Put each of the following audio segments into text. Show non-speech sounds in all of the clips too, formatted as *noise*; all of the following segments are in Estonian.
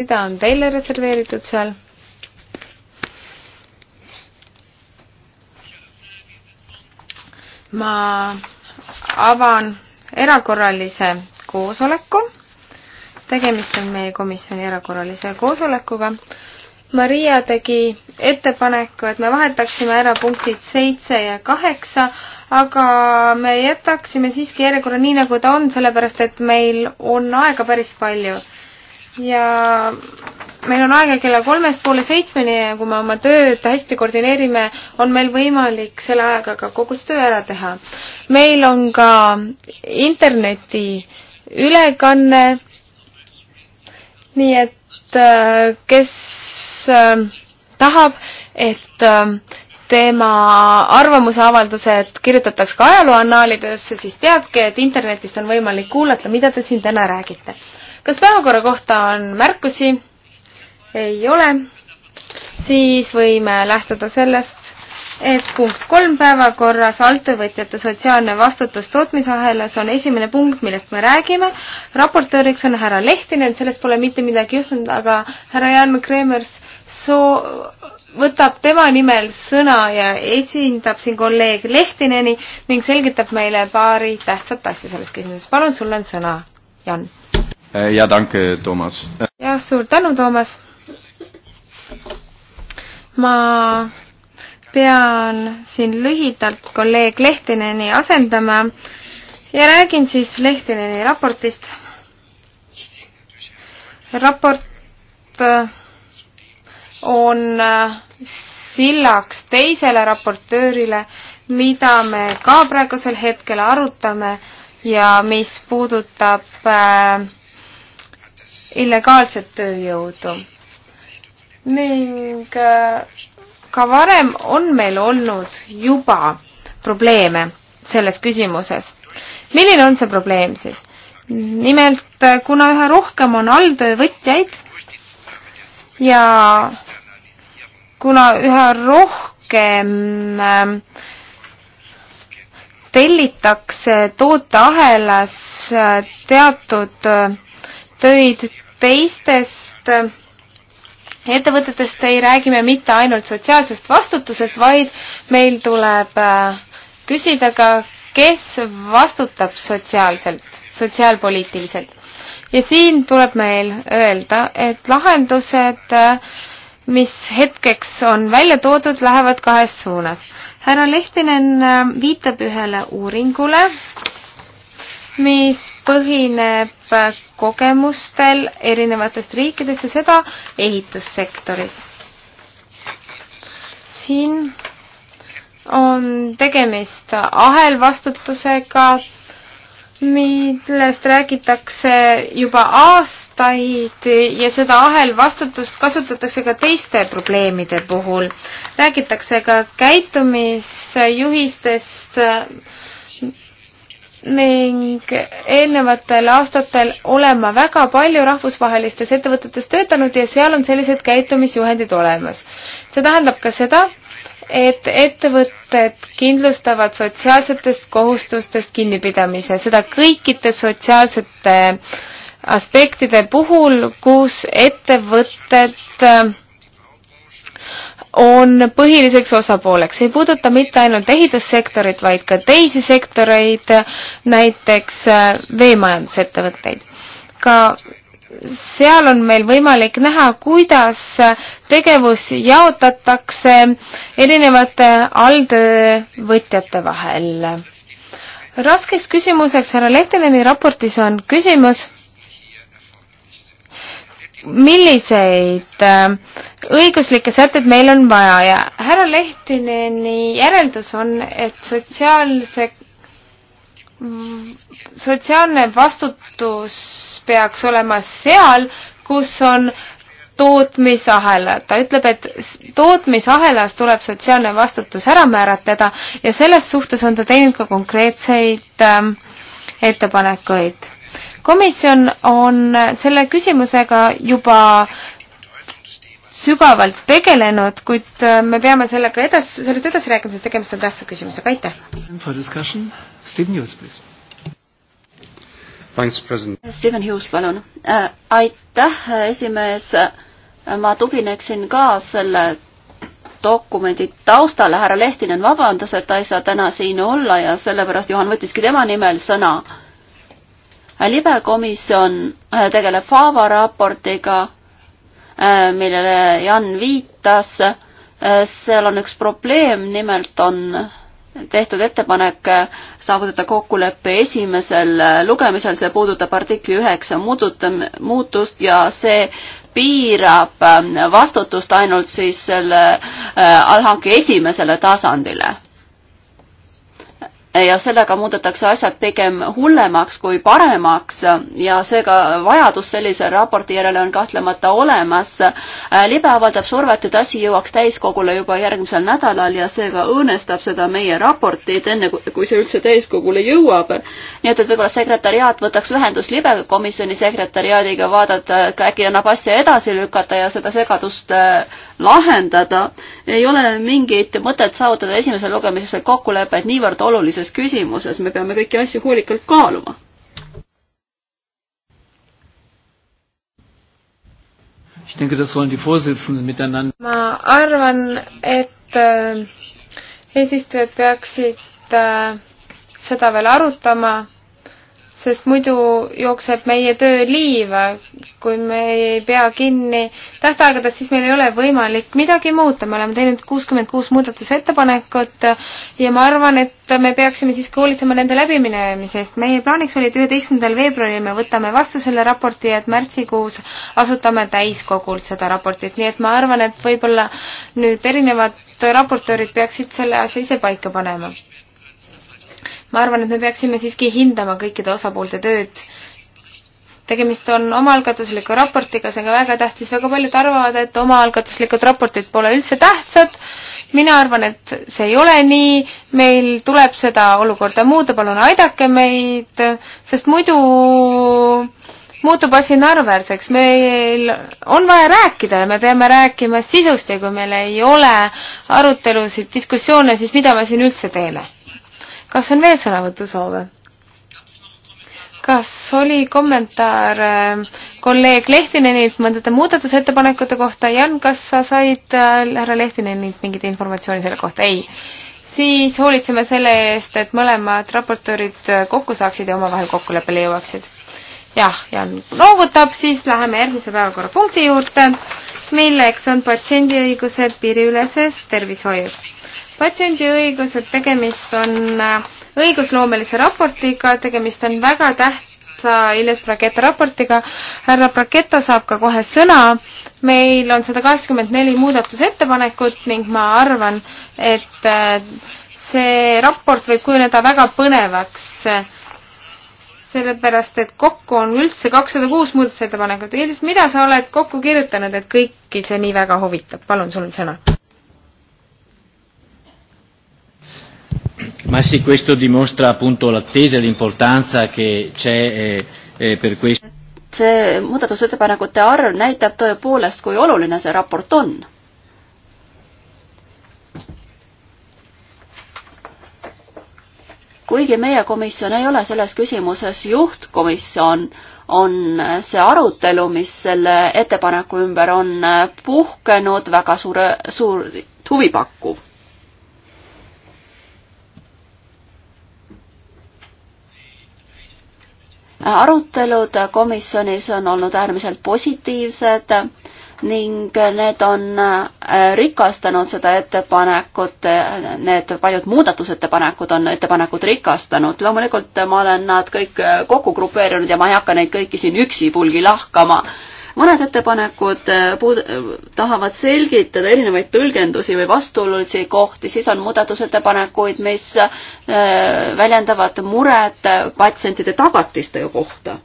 rida on teile reserveeritud seal. ma avan erakorralise koosoleku. tegemist on meie komisjoni erakorralise koosolekuga. Maria tegi ettepaneku, et me vahetaksime ära punktid seitse ja kaheksa, aga me jätaksime siiski järjekorra nii, nagu ta on, sellepärast et meil on aega päris palju ja meil on aega kella kolmest poole seitsmeni ja kui me oma tööd hästi koordineerime, on meil võimalik selle ajaga ka kogu see töö ära teha. meil on ka interneti ülekanne, nii et äh, kes äh, tahab, et äh, tema arvamusavaldused kirjutatakse ka ajalooannaalidesse, siis teadke, et internetist on võimalik kuulata, mida te siin täna räägite kas päevakorra kohta on märkusi? ei ole. siis võime lähtuda sellest, et punkt kolm päevakorras, alltöövõtjate sotsiaalne vastutus tootmisahelas on esimene punkt, millest me räägime. raportööriks on härra Lehtinen, sellest pole mitte midagi juhtunud, aga härra Jan Kremers soo-, võtab tema nimel sõna ja esindab siin kolleeg Lehtineni ning selgitab meile paari tähtsat asja selles küsimuses. palun, sul on sõna, Jan Eh, ja danke, Toomas. jah, suur tänu, Toomas. ma pean siin lühidalt kolleeg Lehtineni asendama ja räägin siis Lehtineni raportist. raport eh, on eh, sillaks teisele raportöörile, mida me ka praegusel hetkel arutame ja mis puudutab äh, illegaalset tööjõudu. ning äh, ka varem on meil olnud juba probleeme selles küsimuses. milline on see probleem siis? nimelt, äh, kuna üha rohkem on alltöövõtjaid ja kuna üha rohkem ähm, tellitakse tooteahelas äh, teatud töid teistest ettevõtetest ei räägi me mitte ainult sotsiaalsest vastutusest, vaid meil tuleb äh, küsida ka, kes vastutab sotsiaalselt, sotsiaalpoliitiliselt. ja siin tuleb meil öelda, et lahendused, äh, mis hetkeks on välja toodud, lähevad kahes suunas. härra Lehtinen äh, viitab ühele uuringule, mis põhineb kogemustel erinevatest riikidest ja seda ehitussektoris. siin on tegemist ahelvastutusega, millest räägitakse juba aastaid ja seda ahelvastutust kasutatakse ka teiste probleemide puhul. räägitakse ka käitumisjuhistest, ning eelnevatel aastatel olen ma väga palju rahvusvahelistes ettevõtetes töötanud ja seal on sellised käitumisjuhendid olemas. see tähendab ka seda, et ettevõtted kindlustavad sotsiaalsetest kohustustest kinnipidamise, seda kõikide sotsiaalsete aspektide puhul, kus ettevõtted on põhiliseks osapooleks. see ei puuduta mitte ainult ehitussektorit, vaid ka teisi sektoreid, näiteks äh, veemajandusettevõtteid. ka seal on meil võimalik näha, kuidas äh, tegevus jaotatakse erinevate alltöövõtjate vahel. raskeks küsimuseks härra Lehteleni raportis on küsimus, milliseid äh, õiguslikke sätteid meil on vaja ja härra Lehtineni järeldus on, et sotsiaalse, sotsiaalne vastutus peaks olema seal, kus on tootmisahelad. ta ütleb, et tootmisahelas tuleb sotsiaalne vastutus ära määratleda ja selles suhtes on ta teinud ka konkreetseid äh, ettepanekuid komisjon on selle küsimusega juba sügavalt tegelenud, kuid äh, me peame sellega edasi, sellest edasi rääkima, sest tegemist on tähtsa küsimusega, aitäh! Steven Hughes, palun. Äh, aitäh, esimees. ma tugineksin ka selle dokumendi taustale. härra Lehtinen vabandas, et ta ei saa täna siin olla ja sellepärast Juhan võttiski tema nimel sõna libekomisjon äh, tegeleb Faava raportiga, äh, millele Jan viitas. Äh, seal on üks probleem, nimelt on tehtud ettepanek saavutada kokkulepe esimesel lugemisel, see puudutab artikli üheksa muutust ja see piirab vastutust ainult siis selle allhanke esimesele tasandile ja sellega muudetakse asjad pigem hullemaks kui paremaks ja seega vajadus sellise raporti järele on kahtlemata olemas. Äh, libe avaldab survet, et asi jõuaks täiskogule juba järgmisel nädalal ja seega õõnestab seda meie raportit, enne kui see üldse täiskogule jõuab. nii et, et võib-olla sekretäriaat võtaks ühendust libe komisjoni sekretäriaadiga, vaadata, et äkki annab asja edasi lükata ja seda segadust äh, lahendada. ei ole mingit mõtet saavutada esimesel lugemisel kokkulepet niivõrd olulises küsimuses, me peame kõiki asju hoolikalt kaaluma. ma arvan, et äh, eesistujad peaksid äh, seda veel arutama sest muidu jookseb meie töö liiva, kui me ei pea kinni tähtaegadest, siis meil ei ole võimalik midagi muuta, me oleme teinud kuuskümmend kuus muudatusettepanekut ja ma arvan, et me peaksime siiski hoolitsema nende läbiminemise eest. meie plaaniks oli, et üheteistkümnendal veebruaril me võtame vastu selle raporti ja et märtsikuus asutame täiskogult seda raportit, nii et ma arvan, et võib-olla nüüd erinevad raportöörid peaksid selle asja ise paika panema ma arvan, et me peaksime siiski hindama kõikide osapoolte tööd. tegemist on omaalgatusliku raportiga, see on ka väga tähtis, väga paljud arvavad, et omaalgatuslikud raportid pole üldse tähtsad. mina arvan, et see ei ole nii, meil tuleb seda olukorda muuta, palun aidake meid, sest muidu muutub asi naeruväärseks, meil on vaja rääkida ja me peame rääkima sisust ja kui meil ei ole arutelusid, diskussioone, siis mida me siin üldse teeme? kas on veel sõnavõtusoove? kas oli kommentaar äh, kolleeg Lehtinenilt mõndade muudatusettepanekute kohta, Jan, kas sa said äh, härra Lehtinenilt mingit informatsiooni selle kohta? ei. siis hoolitseme selle eest, et mõlemad raportöörid äh, kokku saaksid ja omavahel kokkuleppele jõuaksid. jah, Jan noogutab, siis läheme järgmise päevakorrapunkti juurde, milleks on patsiendi õigused piiriüleses tervishoius patsiendi õigused, tegemist on äh, õigusloomelise raportiga, tegemist on väga tähtsa Iljes Praketa raportiga. härra Praketa saab ka kohe sõna. meil on sada kaheksakümmend neli muudatusettepanekut ning ma arvan, et äh, see raport võib kujuneda väga põnevaks äh, sellepärast, et kokku on üldse kakssada kuus muudatusettepanekut. Iris, mida sa oled kokku kirjutanud, et kõiki see nii väga huvitab? palun, sul on sõna ma sì, questo dimostra appunto l'attesa e l'importanza che c'è eh, eh, per questo. see muudatusettepanekute arv näitab tõepoolest, kui oluline see raport on. kuigi meie komisjon ei ole selles küsimuses juhtkomisjon, on see arutelu, mis selle ettepaneku ümber on puhkenud, väga suure, suur, huvipakkuv arutelud komisjonis on olnud äärmiselt positiivsed ning need on äh, rikastanud seda ettepanekut, need paljud muudatusettepanekud on ettepanekut rikastanud. loomulikult ma olen nad kõik äh, kokku grupeerinud ja ma ei hakka neid kõiki siin üksipulgi lahkama mõned ettepanekud äh, puud-, tahavad selgitada erinevaid tõlgendusi või vastuolulisi kohti, siis on muudatusettepanekuid, mis äh, väljendavad muret patsientide tagatiste kohta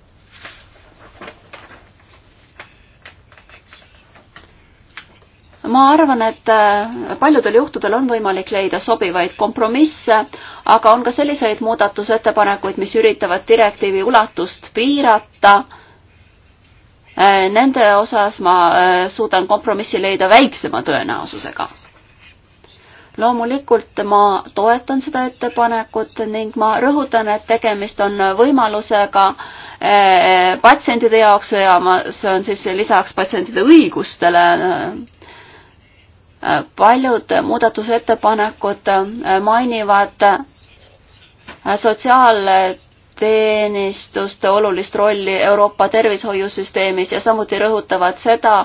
ma arvan, et äh, paljudel juhtudel on võimalik leida sobivaid kompromisse, aga on ka selliseid muudatusettepanekuid, mis üritavad direktiivi ulatust piirata Äh, nende osas ma äh, suudan kompromissi leida väiksema tõenäosusega. loomulikult ma toetan seda ettepanekut ning ma rõhutan, et tegemist on võimalusega äh, patsientide jaoks ja ma, see on siis lisaks patsientide õigustele paljud muudatusettepanekud mainivad sotsiaal- teenistuste olulist rolli Euroopa tervishoiusüsteemis ja samuti rõhutavad seda,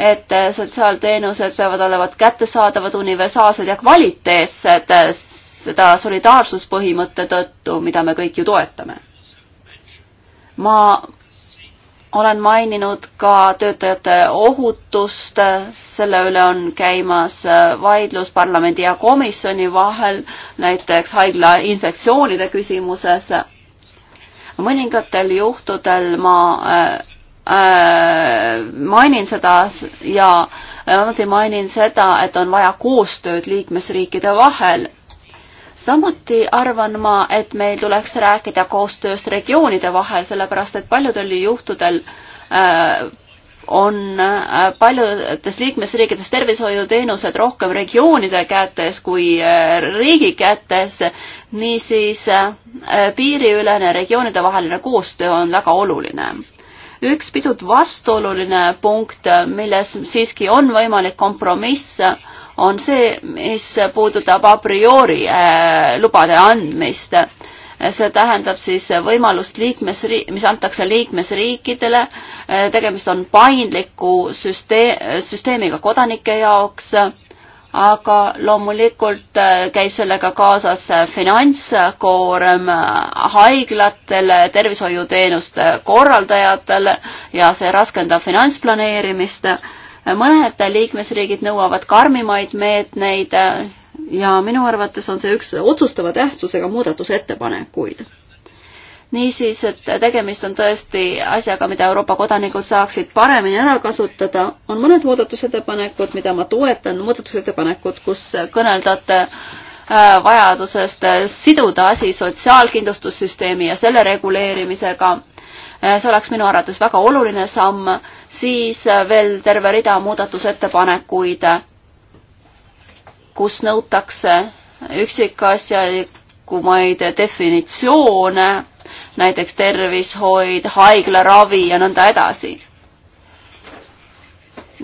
et sotsiaalteenused peavad olema kättesaadavad, universaalsed ja kvaliteetsed seda solidaarsuspõhimõtte tõttu, mida me kõik ju toetame. ma olen maininud ka töötajate ohutust, selle üle on käimas vaidlus parlamendi ja komisjoni vahel, näiteks haigla infektsioonide küsimuses mõningatel juhtudel ma äh, äh mainin seda ja samuti äh, mainin seda, et on vaja koostööd liikmesriikide vahel. samuti arvan ma, et meil tuleks rääkida koostööst regioonide vahel, sellepärast et paljudel juhtudel äh, on äh, paljudes liikmesriikides tervishoiuteenused rohkem regioonide kätes kui äh, riigi kätes, niisiis äh, piiriülene regioonidevaheline koostöö on väga oluline. üks pisut vastuoluline punkt, milles siiski on võimalik kompromiss, on see, mis puudutab a priori lubade andmist see tähendab siis võimalust liikmesriik, mis antakse liikmesriikidele, tegemist on paindliku süsteem, süsteemiga kodanike jaoks, aga loomulikult käib sellega kaasas finantskoorem haiglatele, tervishoiuteenuste korraldajatele ja see raskendab finantsplaneerimist mõned liikmesriigid nõuavad karmimaid meetmeid, ja minu arvates on see üks otsustava tähtsusega muudatusettepanekuid. niisiis, et tegemist on tõesti asjaga, mida Euroopa kodanikud saaksid paremini ära kasutada, on mõned muudatusettepanekud, mida ma toetan, muudatusettepanekud, kus kõneldate äh, vajadusest äh, siduda asi sotsiaalkindlustussüsteemi ja selle reguleerimisega äh, see oleks minu arvates väga oluline samm, siis veel terve rida muudatusettepanekuid, kus nõutakse üksikasjalikumaid definitsioone, näiteks tervishoid, haiglaravi ja nõnda edasi.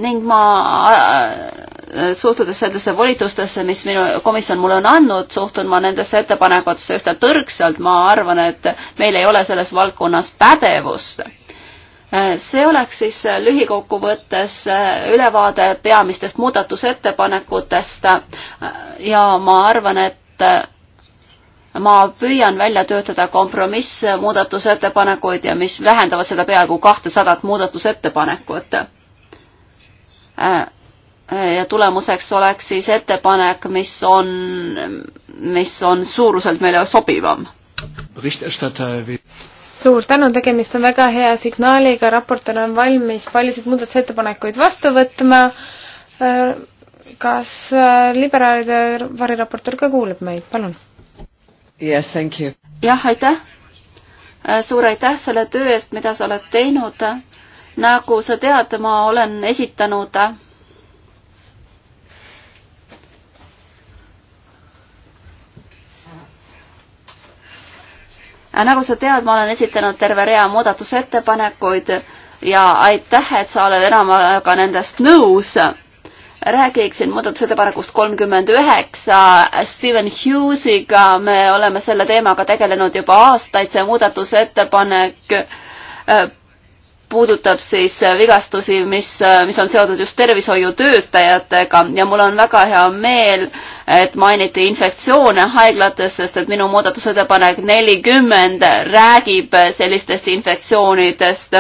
ning ma äh, äh, suhtudes sellesse volitustesse, mis minu komisjon mulle on andnud, suhtun ma nendesse ettepanekutesse üsna tõrgselt, ma arvan, et meil ei ole selles valdkonnas pädevust Äh, see oleks siis äh, lühikokkuvõttes äh, ülevaade peamistest muudatusettepanekutest ja ma arvan, et ma püüan välja töötada kompromissmuudatusettepanekuid ja mis vähendavad seda peaaegu kahtesadat muudatusettepanekut. ja tulemuseks oleks siis ettepanek, mis on, mis on suuruselt meile sobivam suur tänu, tegemist on väga hea signaaliga, raportöör on valmis paljusid muudatusettepanekuid vastu võtma. kas äh, liberaalide variraportöör ka kuuleb meid, palun? jah, aitäh. Äh, suur aitäh selle töö eest, mida sa oled teinud. nagu sa tead, ma olen esitanud nagu sa tead, ma olen esitanud terve rea muudatusettepanekuid ja aitäh, et sa oled enamaga nendest nõus. räägiksin muudatusettepanekust kolmkümmend üheksa Steven Hughesiga, me oleme selle teemaga tegelenud juba aastaid, see muudatusettepanek puudutab siis äh, vigastusi, mis, äh, mis on seotud just tervishoiutöötajatega ja mul on väga hea meel, et mainiti infektsioone haiglates, sest et minu muudatusettepanek nelikümmend räägib äh, sellistest infektsioonidest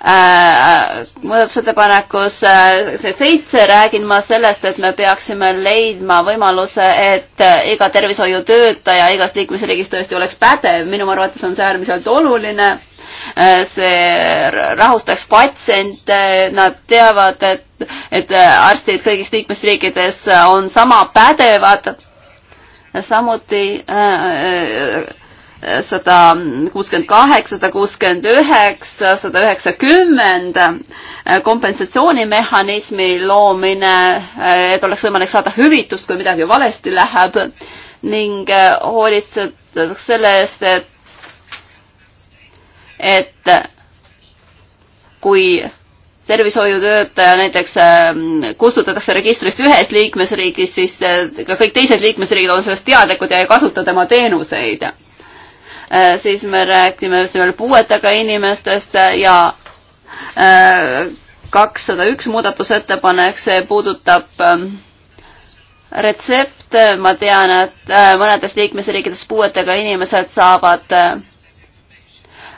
Äh, äh, muudatusettepanekus äh, seitse räägin ma sellest, et me peaksime leidma võimaluse, et iga tervishoiutöötaja igast liikmesriigist tõesti oleks pädev, minu arvates on see äärmiselt oluline. see rahustaks patsiente, nad teavad, et, et arstid kõigis liikmesriikides on sama pädevad. samuti äh, sada kuuskümmend kaheksa, sada kuuskümmend üheksa, sada üheksakümmend kompensatsioonimehhanismi loomine, et oleks võimalik saada hüvitust, kui midagi valesti läheb ning äh, hoolitsetakse selle eest, et, et kui tervishoiutöötaja näiteks ähm, kustutatakse registrist ühes liikmesriigis, siis äh, ka kõik teised liikmesriigid on sellest teadlikud ja ei kasuta tema teenuseid Äh, siis me räägime just nimelt puuetega inimestest ja äh, kakssada üks muudatusettepanek, see puudutab ähm, retsepte, ma tean, et äh, mõnedes liikmesriikides puuetega inimesed saavad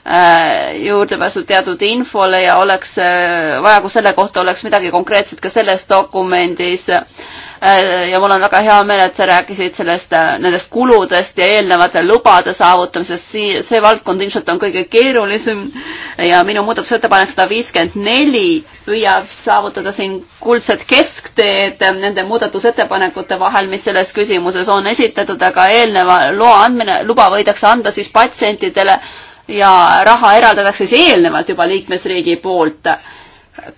Äh, juurdepääsu teatud infole ja oleks äh, vaja, kui selle kohta oleks midagi konkreetset ka selles dokumendis. Äh, ja mul on väga hea meel, et sa rääkisid sellest, nendest kuludest ja eelnevate lubade saavutamisest, see, see valdkond ilmselt on kõige keerulisem ja minu muudatusettepanek sada viiskümmend neli püüab saavutada siin kuldset keskteed nende muudatusettepanekute vahel, mis selles küsimuses on esitatud, aga eelneva loa andmine, luba võidakse anda siis patsientidele ja raha eraldatakse siis eelnevalt juba liikmesriigi poolt,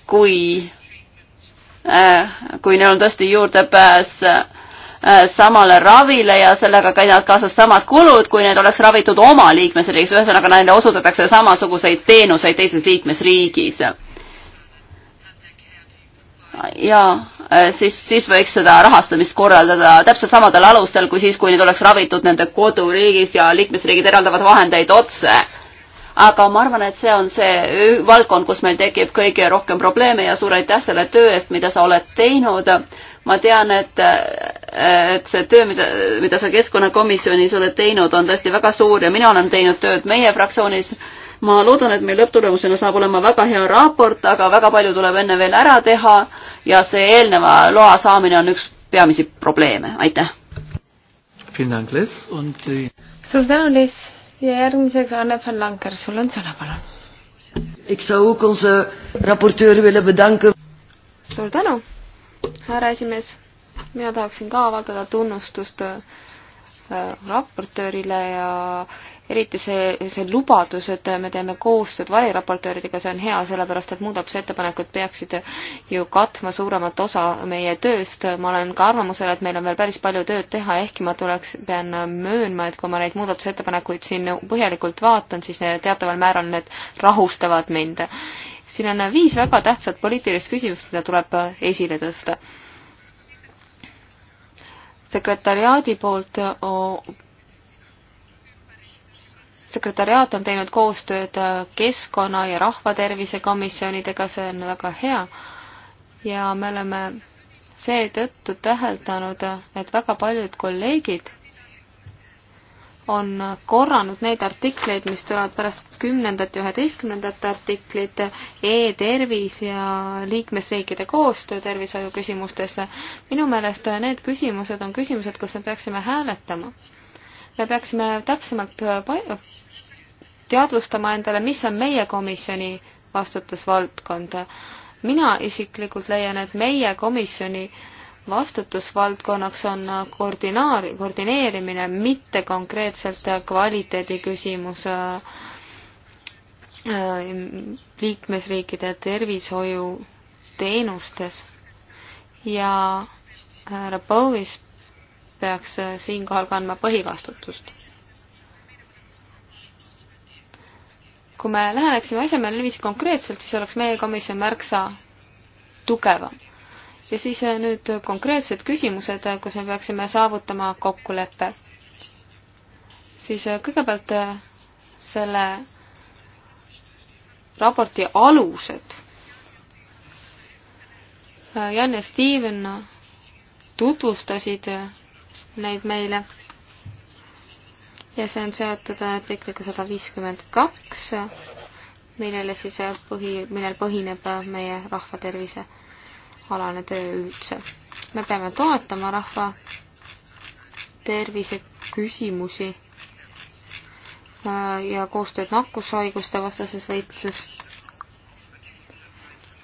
kui, äh, kui neil on tõesti juurdepääs äh, samale ravile ja sellega käivad kaasas samad kulud, kui need oleks ravitud oma liikmesriigis, ühesõnaga neile osutatakse samasuguseid teenuseid teises liikmesriigis. ja äh, siis, siis võiks seda rahastamist korraldada täpselt samadel alustel kui siis, kui neid oleks ravitud nende koduriigis ja liikmesriigid eraldavad vahendeid otse aga ma arvan, et see on see valdkond, kus meil tekib kõige rohkem probleeme ja suur aitäh selle töö eest, mida sa oled teinud. ma tean, et, et see töö, mida, mida sa keskkonnakomisjonis oled teinud, on tõesti väga suur ja mina olen teinud tööd meie fraktsioonis. ma loodan, et meil lõpptulemusena saab olema väga hea raport, aga väga palju tuleb enne veel ära teha ja see eelneva loa saamine on üks peamisi probleeme, aitäh. Äh, suur tänu, Liis ja järgmiseks Anne van Lanker, sul on sõna, palun. eks sa ook onze raportööri veel bedanke. suur tänu, härra esimees. mina tahaksin ka avaldada tunnustust äh, äh, raportöörile ja eriti see, see lubadus, et me teeme koostööd variraportööridega, see on hea, sellepärast et muudatusettepanekud peaksid ju katma suuremat osa meie tööst. ma olen ka arvamusel, et meil on veel päris palju tööd teha, ehkki ma tuleks, pean möönma, et kui ma neid muudatusettepanekuid siin põhjalikult vaatan, siis teataval määral need rahustavad mind. siin on viis väga tähtsat poliitilist küsimust, mida tuleb esile tõsta sekretariaadi poolt sekretäriaat on teinud koostööd äh, Keskkonna- ja Rahvatervise komisjonidega, see on väga hea. ja me oleme seetõttu täheldanud, et väga paljud kolleegid on korranud neid artikleid, mis tulevad pärast kümnendat ja üheteistkümnendat artiklit e, e-tervis ja liikmesriikide koostöö tervishoiu küsimustes. minu meelest need küsimused on küsimused, kus me peaksime hääletama me peaksime täpsemalt äh, teadvustama endale, mis on meie komisjoni vastutusvaldkond. mina isiklikult leian, et meie komisjoni vastutusvaldkonnaks on äh, koordinaar-, koordineerimine, mitte konkreetselt äh, kvaliteedi küsimus liikmesriikide tervishoiuteenustes ja härra Powis peaks äh, siinkohal kandma põhivastutust. kui me läheneksime asjale niiviisi konkreetselt, siis oleks meie komisjon märksa tugevam. ja siis äh, nüüd konkreetsed küsimused, äh, kus me peaksime saavutama kokkuleppe. siis kõigepealt selle raporti alused. Jan ja Steven tutvustasid neid meile. ja see on seotud äh, artikliga sada viiskümmend kaks, millele siis äh, põhi, millel põhineb äh, meie rahvatervise alane töö üldse. me peame toetama rahva tervise küsimusi ja koostööd nakkushaiguste vastases võitluses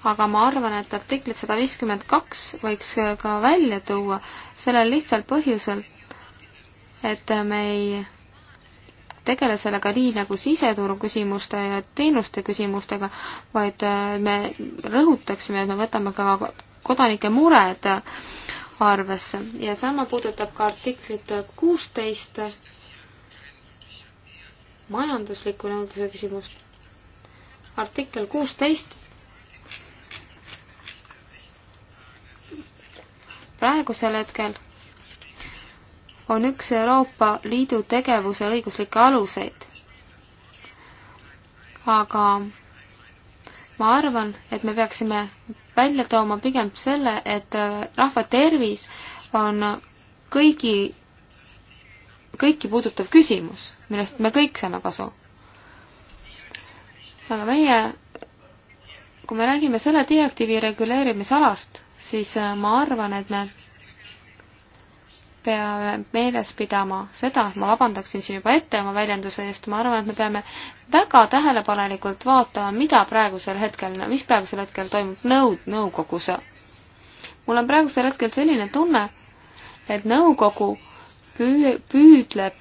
aga ma arvan, et artiklit sada viiskümmend kaks võiks ka välja tuua sellel lihtsal põhjusel, et me ei tegele sellega nii nagu siseturu küsimuste ja teenuste küsimustega, vaid me rõhutaksime, et me võtame ka kodanike mured arvesse ja sama puudutab ka artiklit kuusteist majandusliku nõudluse küsimust. artikkel kuusteist praegusel hetkel on üks Euroopa Liidu tegevuse õiguslikke aluseid. aga ma arvan, et me peaksime välja tooma pigem selle, et rahva tervis on kõigi, kõiki puudutav küsimus, millest me kõik saame kasu. aga meie, kui me räägime selle direktiivi reguleerimisalast, siis äh, ma arvan, et me peame meeles pidama seda, ma vabandaksin siin juba ette oma väljenduse eest, ma arvan, et me peame väga tähelepanelikult vaatama, mida praegusel hetkel, mis praegusel hetkel toimub nõud-, nõukogus. mul on praegusel hetkel selline tunne, et nõukogu püü-, püüdleb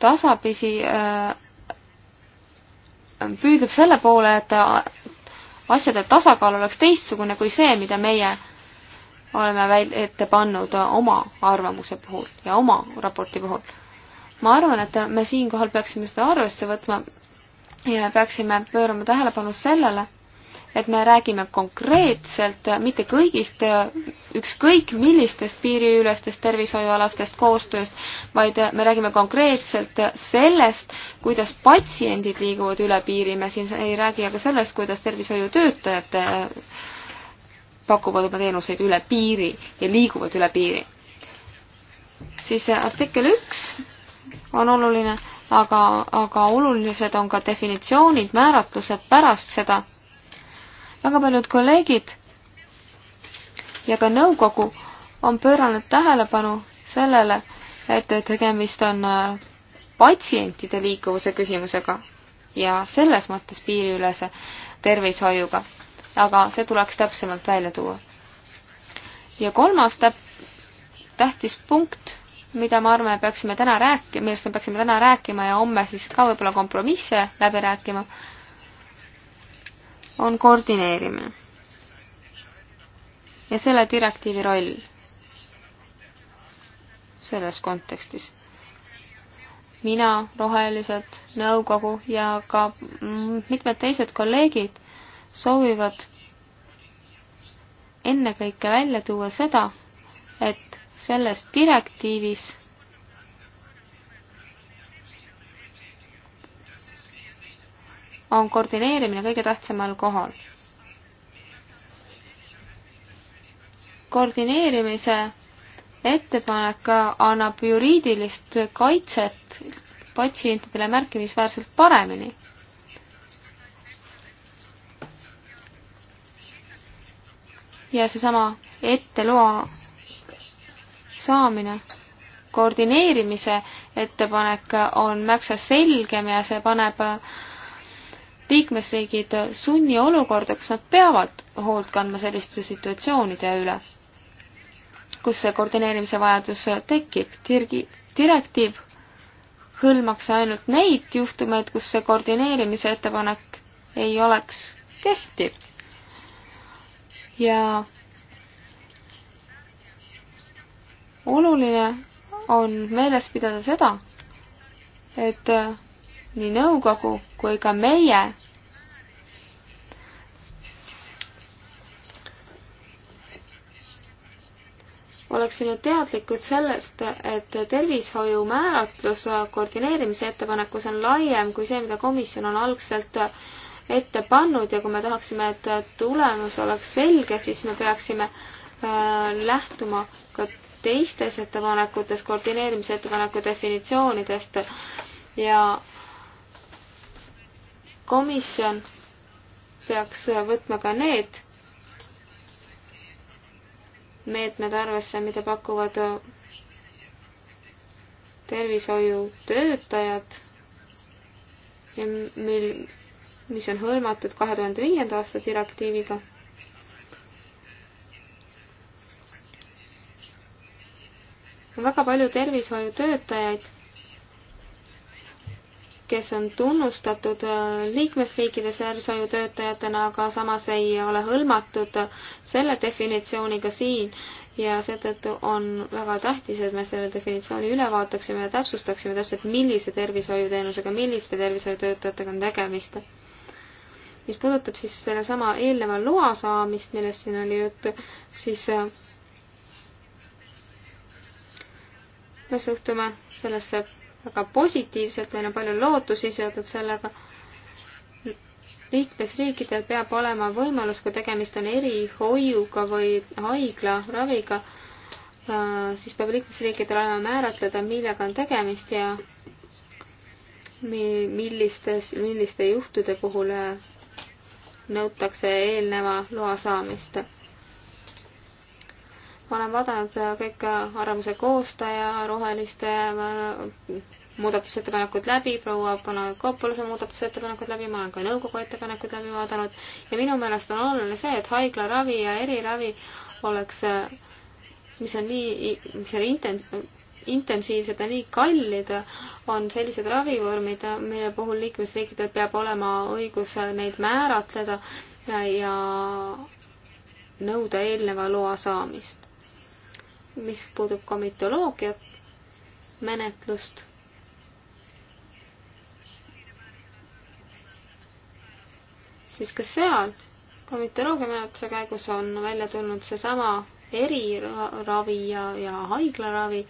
tasapisi äh, püüdleb selle poole, et asjade tasakaal oleks teistsugune kui see, mida meie oleme väl-, ette pannud oma arvamuse puhul ja oma raporti puhul. ma arvan, et me siinkohal peaksime seda arvesse võtma ja peaksime pöörama tähelepanu sellele, et me räägime konkreetselt äh, mitte kõigist, äh, ükskõik millistest piiriülestest tervishoiualastest koostööst, vaid äh, me räägime konkreetselt sellest, kuidas patsiendid liiguvad üle piiri, me siin ei räägi aga sellest, kuidas tervishoiutöötajad pakuvad oma teenuseid üle piiri ja liiguvad üle piiri. siis artikkel üks on oluline, aga, aga olulised on ka definitsioonid, määratlused pärast seda väga paljud kolleegid ja ka nõukogu on pööranud tähelepanu sellele, et tegemist on äh, patsientide liikuvuse küsimusega ja selles mõttes piiriülese tervishoiuga. aga see tuleks täpsemalt välja tuua. ja kolmas täp-, tähtis punkt, mida ma arvan, et peaksime täna rääkima, millest me peaksime täna rääkima ja homme siis ka võib-olla kompromisse läbi rääkima on koordineerimine ja selle direktiivi roll selles kontekstis. mina, Rohelised, Nõukogu ja ka mitmed teised kolleegid soovivad ennekõike välja tuua seda, et selles direktiivis on koordineerimine kõige tähtsamal kohal. koordineerimise ettepanek annab juriidilist kaitset patsientidele märkimisväärselt paremini ja seesama etteloa saamine, koordineerimise ettepanek on märksa selgem ja see paneb liikmesriigid sunni olukorda, kus nad peavad hoolt kandma selliste situatsioonide üle, kus see koordineerimise vajadus tekib. Dirgi, direktiiv hõlmaks ainult neid juhtumeid, kus see koordineerimise ettepanek ei oleks kehtiv. ja oluline on meeles pidada seda, et nii nõukogu kui ka meie oleksime teadlikud sellest, et tervishoiu määratlus koordineerimise ettepanekus on laiem kui see, mida komisjon on algselt ette pannud ja kui me tahaksime, et tulemus oleks selge, siis me peaksime äh, lähtuma ka teistes ettepanekutes koordineerimise ettepaneku definitsioonidest ja komisjon peaks võtma ka need meetmed arvesse, mida pakuvad tervishoiutöötajad ja mil, mis on hõlmatud kahe tuhande viienda aasta direktiiviga. on väga palju tervishoiutöötajaid kes on tunnustatud äh, liikmesriikides tervishoiutöötajatena, aga samas ei ole hõlmatud selle definitsiooniga siin ja seetõttu on väga tähtis, et me selle definitsiooni üle vaataksime ja täpsustaksime täpselt, millise tervishoiuteenusega, milliste tervishoiutöötajatega on tegemist. mis puudutab siis sellesama eelneva loa saamist, millest siin oli juttu, siis äh, me suhtume sellesse väga positiivselt, meil on palju lootusi seotud sellega. liikmesriikidel peab olema võimalus, kui tegemist on erihoiuga või haiglaraviga, äh, siis peab liikmesriikidel olema määratleda, millega on tegemist ja millistes, milliste juhtude puhul äh, nõutakse eelneva loa saamist ma olen vaadanud kõik arvamuse koostaja, roheliste äh, muudatusettepanekud läbi, proua Panakoopoluse muudatusettepanekud läbi, ma olen ka nõukogu ettepanekud läbi vaadanud ja minu meelest on oluline see, et haiglaravi ja eriravi oleks, äh, mis on nii, mis on inten-, intensiivsed ja nii kallid, on sellised ravivormid, mille puhul liikmesriikidel peab olema õigus neid määratleda ja nõuda eelneva loa saamist mis puudub komitoloogiat, menetlust siis ka seal komitoloogiamenetluse käigus on välja tulnud seesama eriravi ja, ja haiglaravi,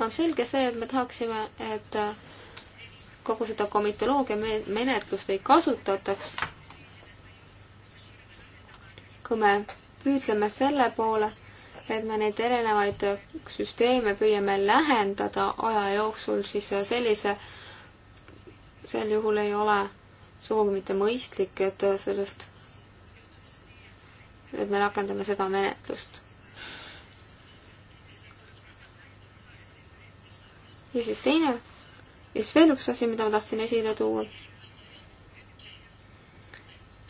on selge see, et me tahaksime, et kogu seda komitoloogia menetlust ei kasutataks. kui me püüdleme selle poole, et me neid erinevaid süsteeme püüame lähendada aja jooksul, siis sellise, sel juhul ei ole sugugi mitte mõistlik, et sellest, et me rakendame seda menetlust. ja siis teine, ja siis veel üks asi, mida ma tahtsin esile tuua.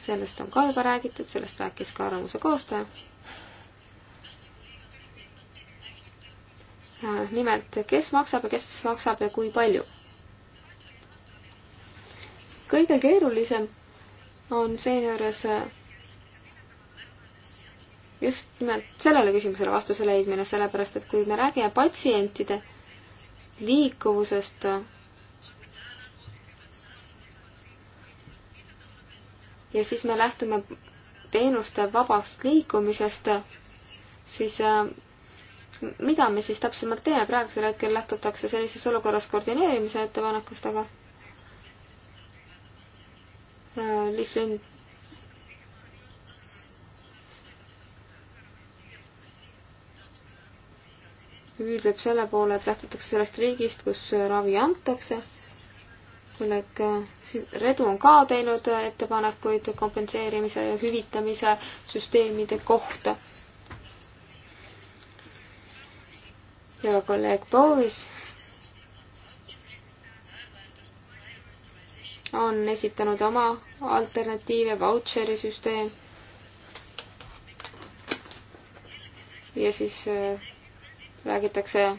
sellest on ka juba räägitud, sellest rääkis ka arvamuse koostaja Äh, nimelt, kes maksab ja kes maksab ja kui palju. kõige keerulisem on seejuures äh, just nimelt sellele küsimusele vastuse leidmine, sellepärast et kui me räägime patsientide liikuvusest, ja siis me lähtume teenuste vabast liikumisest, siis äh, mida me siis täpsemalt teeme, praegusel hetkel lähtutakse sellises olukorras koordineerimise ettepanekust, aga äh, Liis Lind püüdleb selle poole, et lähtutakse sellest riigist, kus ravi antakse. kolleeg äh, Redu on ka teinud ettepanekuid kompenseerimise ja hüvitamise süsteemide kohta ja ka kolleeg Boovis on esitanud oma alternatiive, vautšeri süsteem. ja siis äh, räägitakse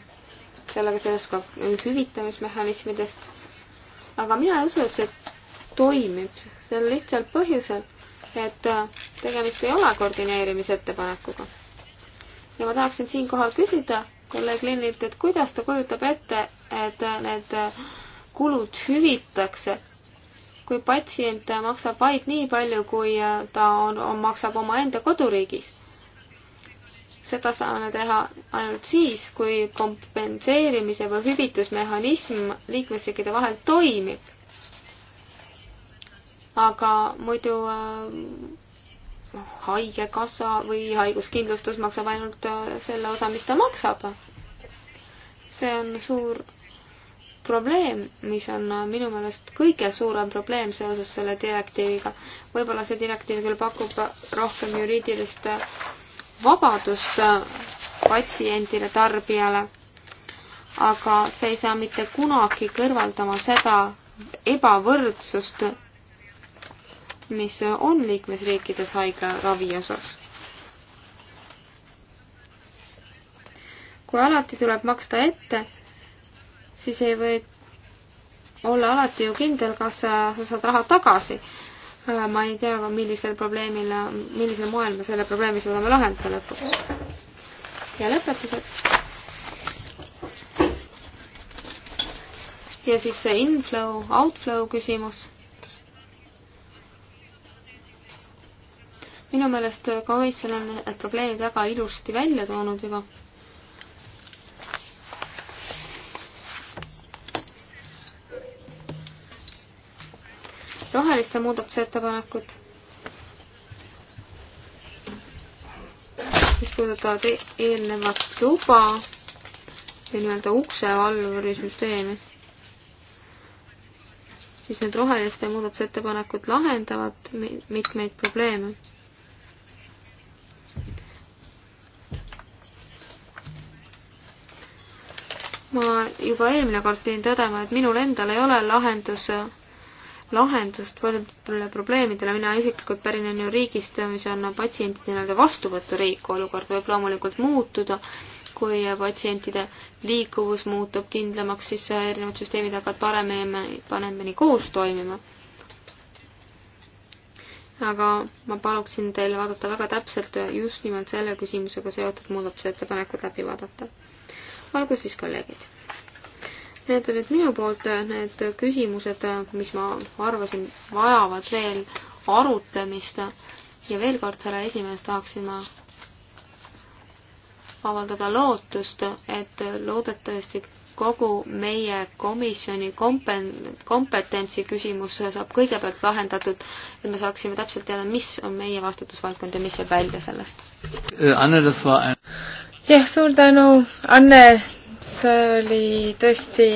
sellega seoses ka hüvitamismehhanismidest. aga mina ei usu, et see toimib sel lihtsal põhjusel, et äh, tegemist ei ole koordineerimisettepanekuga. ja ma tahaksin siinkohal küsida, kolleeg Linnilt, et kuidas ta kujutab ette, et need kulud hüvitakse, kui patsient maksab vaid nii palju, kui ta on, on, maksab omaenda koduriigis. seda saame teha ainult siis, kui kompenseerimise või hüvitusmehhanism liikmesriikide vahel toimib. aga muidu äh, haigekassa või haiguskindlustus maksab ainult äh, selle osa, mis ta maksab. see on suur probleem, mis on äh, minu meelest kõige suurem probleem seoses selle direktiiviga. võib-olla see direktiiv küll pakub rohkem juriidilist äh, vabadust patsiendile, tarbijale, aga see ei saa mitte kunagi kõrvaldama seda ebavõrdsust, mis on liikmesriikides haiglaravi osas. kui alati tuleb maksta ette, siis ei või olla alati ju kindel, kas sa, sa saad raha tagasi. ma ei tea, millisel probleemil, millisel moel me selle probleemi suudame lahendada lõpuks. ja lõpetuseks ja siis see inflow, outflow küsimus. minu meelest komisjon on need probleemid väga ilusti välja toonud juba. roheliste muudatusettepanekud, mis puudutavad eelnevat tuba ja nii-öelda uksevalvuri süsteemi siis need roheliste muudatusettepanekud lahendavad mitmeid probleeme. juba eelmine kord pidin tõdema, et minul endal ei ole lahendus, lahendust paljudele probleemidele, mina isiklikult pärinen ju riigist, mis on patsientide nii-öelda vastuvõturiik, olukord võib loomulikult muutuda, kui patsientide liikuvus muutub kindlamaks, siis erinevad süsteemid hakkavad paremini, paremini koos toimima. aga ma paluksin teil vaadata väga täpselt just nimelt selle küsimusega seotud muudatusettepanekud läbi vaadata. olgu siis, kolleegid Need olid minu poolt need küsimused, mis ma arvasin, vajavad veel arutamist ja veel kord, härra esimees, tahaksin ma avaldada lootust, et loodetavasti kogu meie komisjoni kompen-, kompetentsi küsimus saab kõigepealt lahendatud, et me saaksime täpselt teada, mis on meie vastutusvaldkond ja mis jääb välja sellest. Äh, Anne, das war ein jah, suur tänu, Anne, see oli tõesti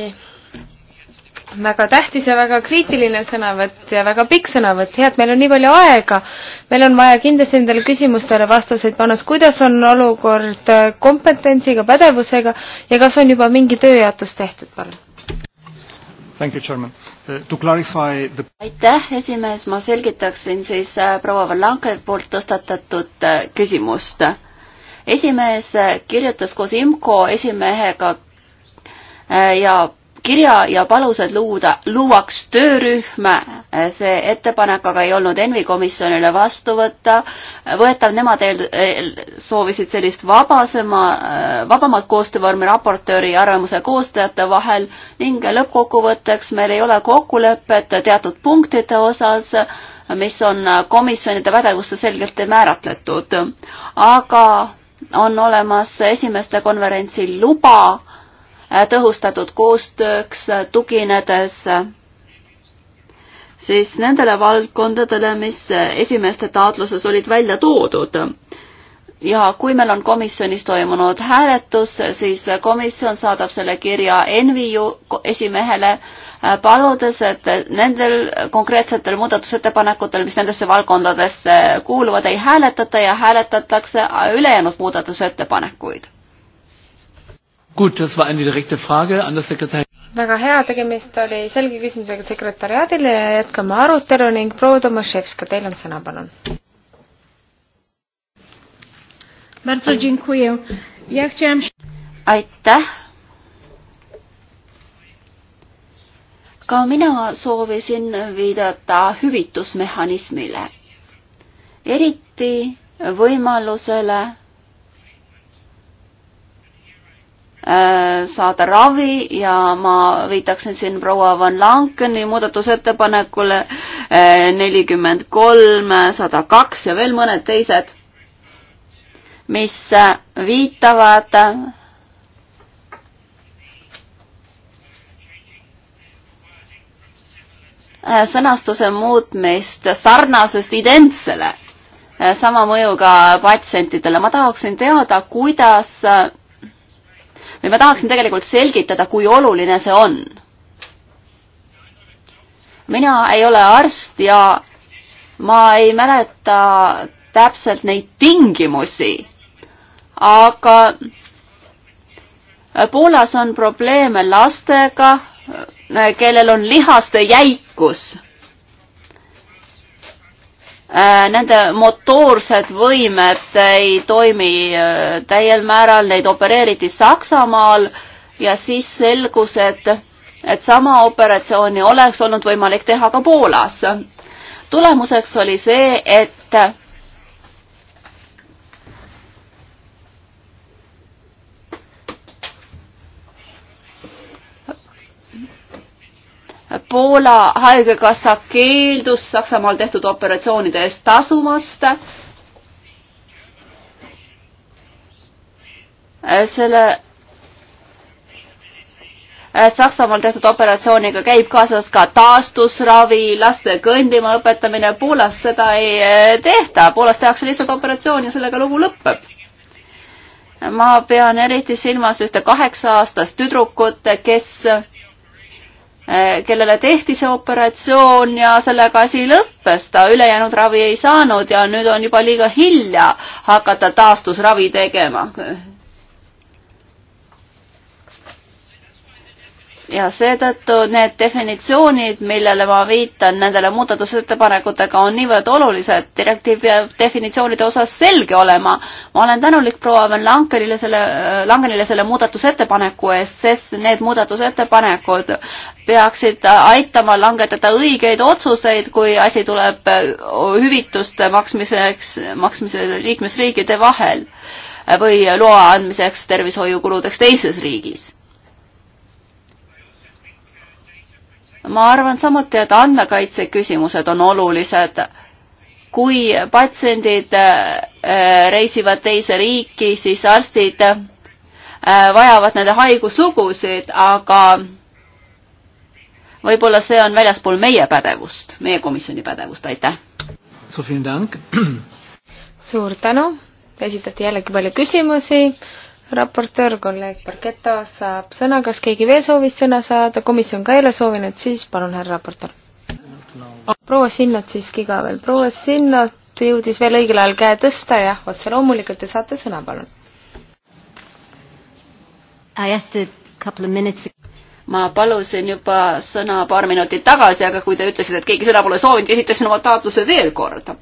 väga tähtis ja väga kriitiline sõnavõtt ja väga pikk sõnavõtt. hea, et meil on nii palju aega. meil on vaja kindlasti nendele küsimustele vastuseid panna. kuidas on olukord kompetentsiga, pädevusega ja kas on juba mingi tööjaotus tehtud, palun? Uh, the... aitäh, esimees, ma selgitaksin siis uh, proua Valanke poolt tõstatatud uh, küsimust esimees kirjutas koos IMCO esimehega Äh, ja kirja ja palus, et luuda, luuaks töörühm, äh, see ettepanek aga ei olnud ENVI komisjonile vastu võtta, äh, võetav, nemad eel, eel, soovisid sellist vabasema, vabamat koostöövormi raportööri ja arvamuse koostajate vahel ning lõppkokkuvõtteks meil ei ole kokkulepet teatud punktide osas, mis on komisjonide pädevusse selgelt määratletud. aga on olemas esimeste konverentsi luba Äh, tõhustatud koostööks, äh, tuginedes äh, siis nendele valdkondadele, mis esimeste taotluses olid välja toodud. ja kui meil on komisjonis toimunud hääletus, siis komisjon saadab selle kirja ENVI esimehele, paludes, et nendel konkreetsetel muudatusettepanekutel, mis nendesse valdkondadesse kuuluvad, ei hääletata ja hääletatakse ülejäänud muudatusettepanekuid väga hea, tegemist oli selge küsimusega sekretäriaadile ja jätkame arutelu ning proua Tomaševska, teil on sõna, palun. aitäh. ka mina soovisin viidata hüvitusmehhanismile, eriti võimalusele Äh, saada ravi ja ma viitaksin siin proua Van Lankeni muudatusettepanekule äh, nelikümmend kolm, sada kaks ja veel mõned teised, mis äh, viitavad sõnastuse muutmist sarnasest identsele, sama mõjuga patsientidele. ma tahaksin teada, kuidas ja ma tahaksin tegelikult selgitada, kui oluline see on. mina ei ole arst ja ma ei mäleta täpselt neid tingimusi, aga Poolas on probleeme lastega, kellel on lihaste jäikus Äh, nende motoorsed võimed ei toimi äh, täiel määral, neid opereeriti Saksamaal ja siis selgus, et, et sama operatsiooni oleks olnud võimalik teha ka Poolas. tulemuseks oli see, et Poola haigekassa keeldus Saksamaal tehtud operatsioonide eest tasumast. selle Saksamaal tehtud operatsiooniga käib kaasas ka taastusravi, laste kõndima õpetamine. Poolas seda ei eh, tehta, Poolas tehakse lihtsalt operatsioon ja sellega lugu lõpeb. ma pean eriti silmas ühte kaheksa-aastast tüdrukut, kes Eh, kellele tehti see operatsioon ja sellega asi lõppes, ta ülejäänud ravi ei saanud ja nüüd on juba liiga hilja hakata taastusravi tegema ja seetõttu need definitsioonid, millele ma viitan nendele muudatusettepanekutega, on niivõrd olulised, direktiiv peab definitsioonide osas selge olema. ma olen tänulik proua Van Langenile selle, Langenile selle muudatusettepaneku eest, sest need muudatusettepanekud peaksid aitama langetada õigeid otsuseid, kui asi tuleb hüvituste maksmiseks, maksmise liikmesriikide vahel või loa andmiseks tervishoiukuludeks teises riigis ma arvan samuti, et andmekaitse küsimused on olulised. kui patsiendid äh, reisivad teise riiki, siis arstid äh, vajavad nende haiguslugusid, aga võib-olla see on väljaspool meie pädevust, meie komisjoni pädevust, aitäh. suur tänu, esitati jällegi palju küsimusi raportöör kolleeg Bargeto saab sõna, kas keegi veel soovis sõna saada, komisjon ka ei ole soovinud, siis palun, härra raportöör. proua Sinnot siiski ka veel, proua Sinnot jõudis veel õigel ajal käe tõsta, jah, otse loomulikult te saate sõna, palun. ma palusin juba sõna paar minutit tagasi, aga kui te ütlesite, et keegi sõna pole soovinud, esitasin oma taotluse veel kord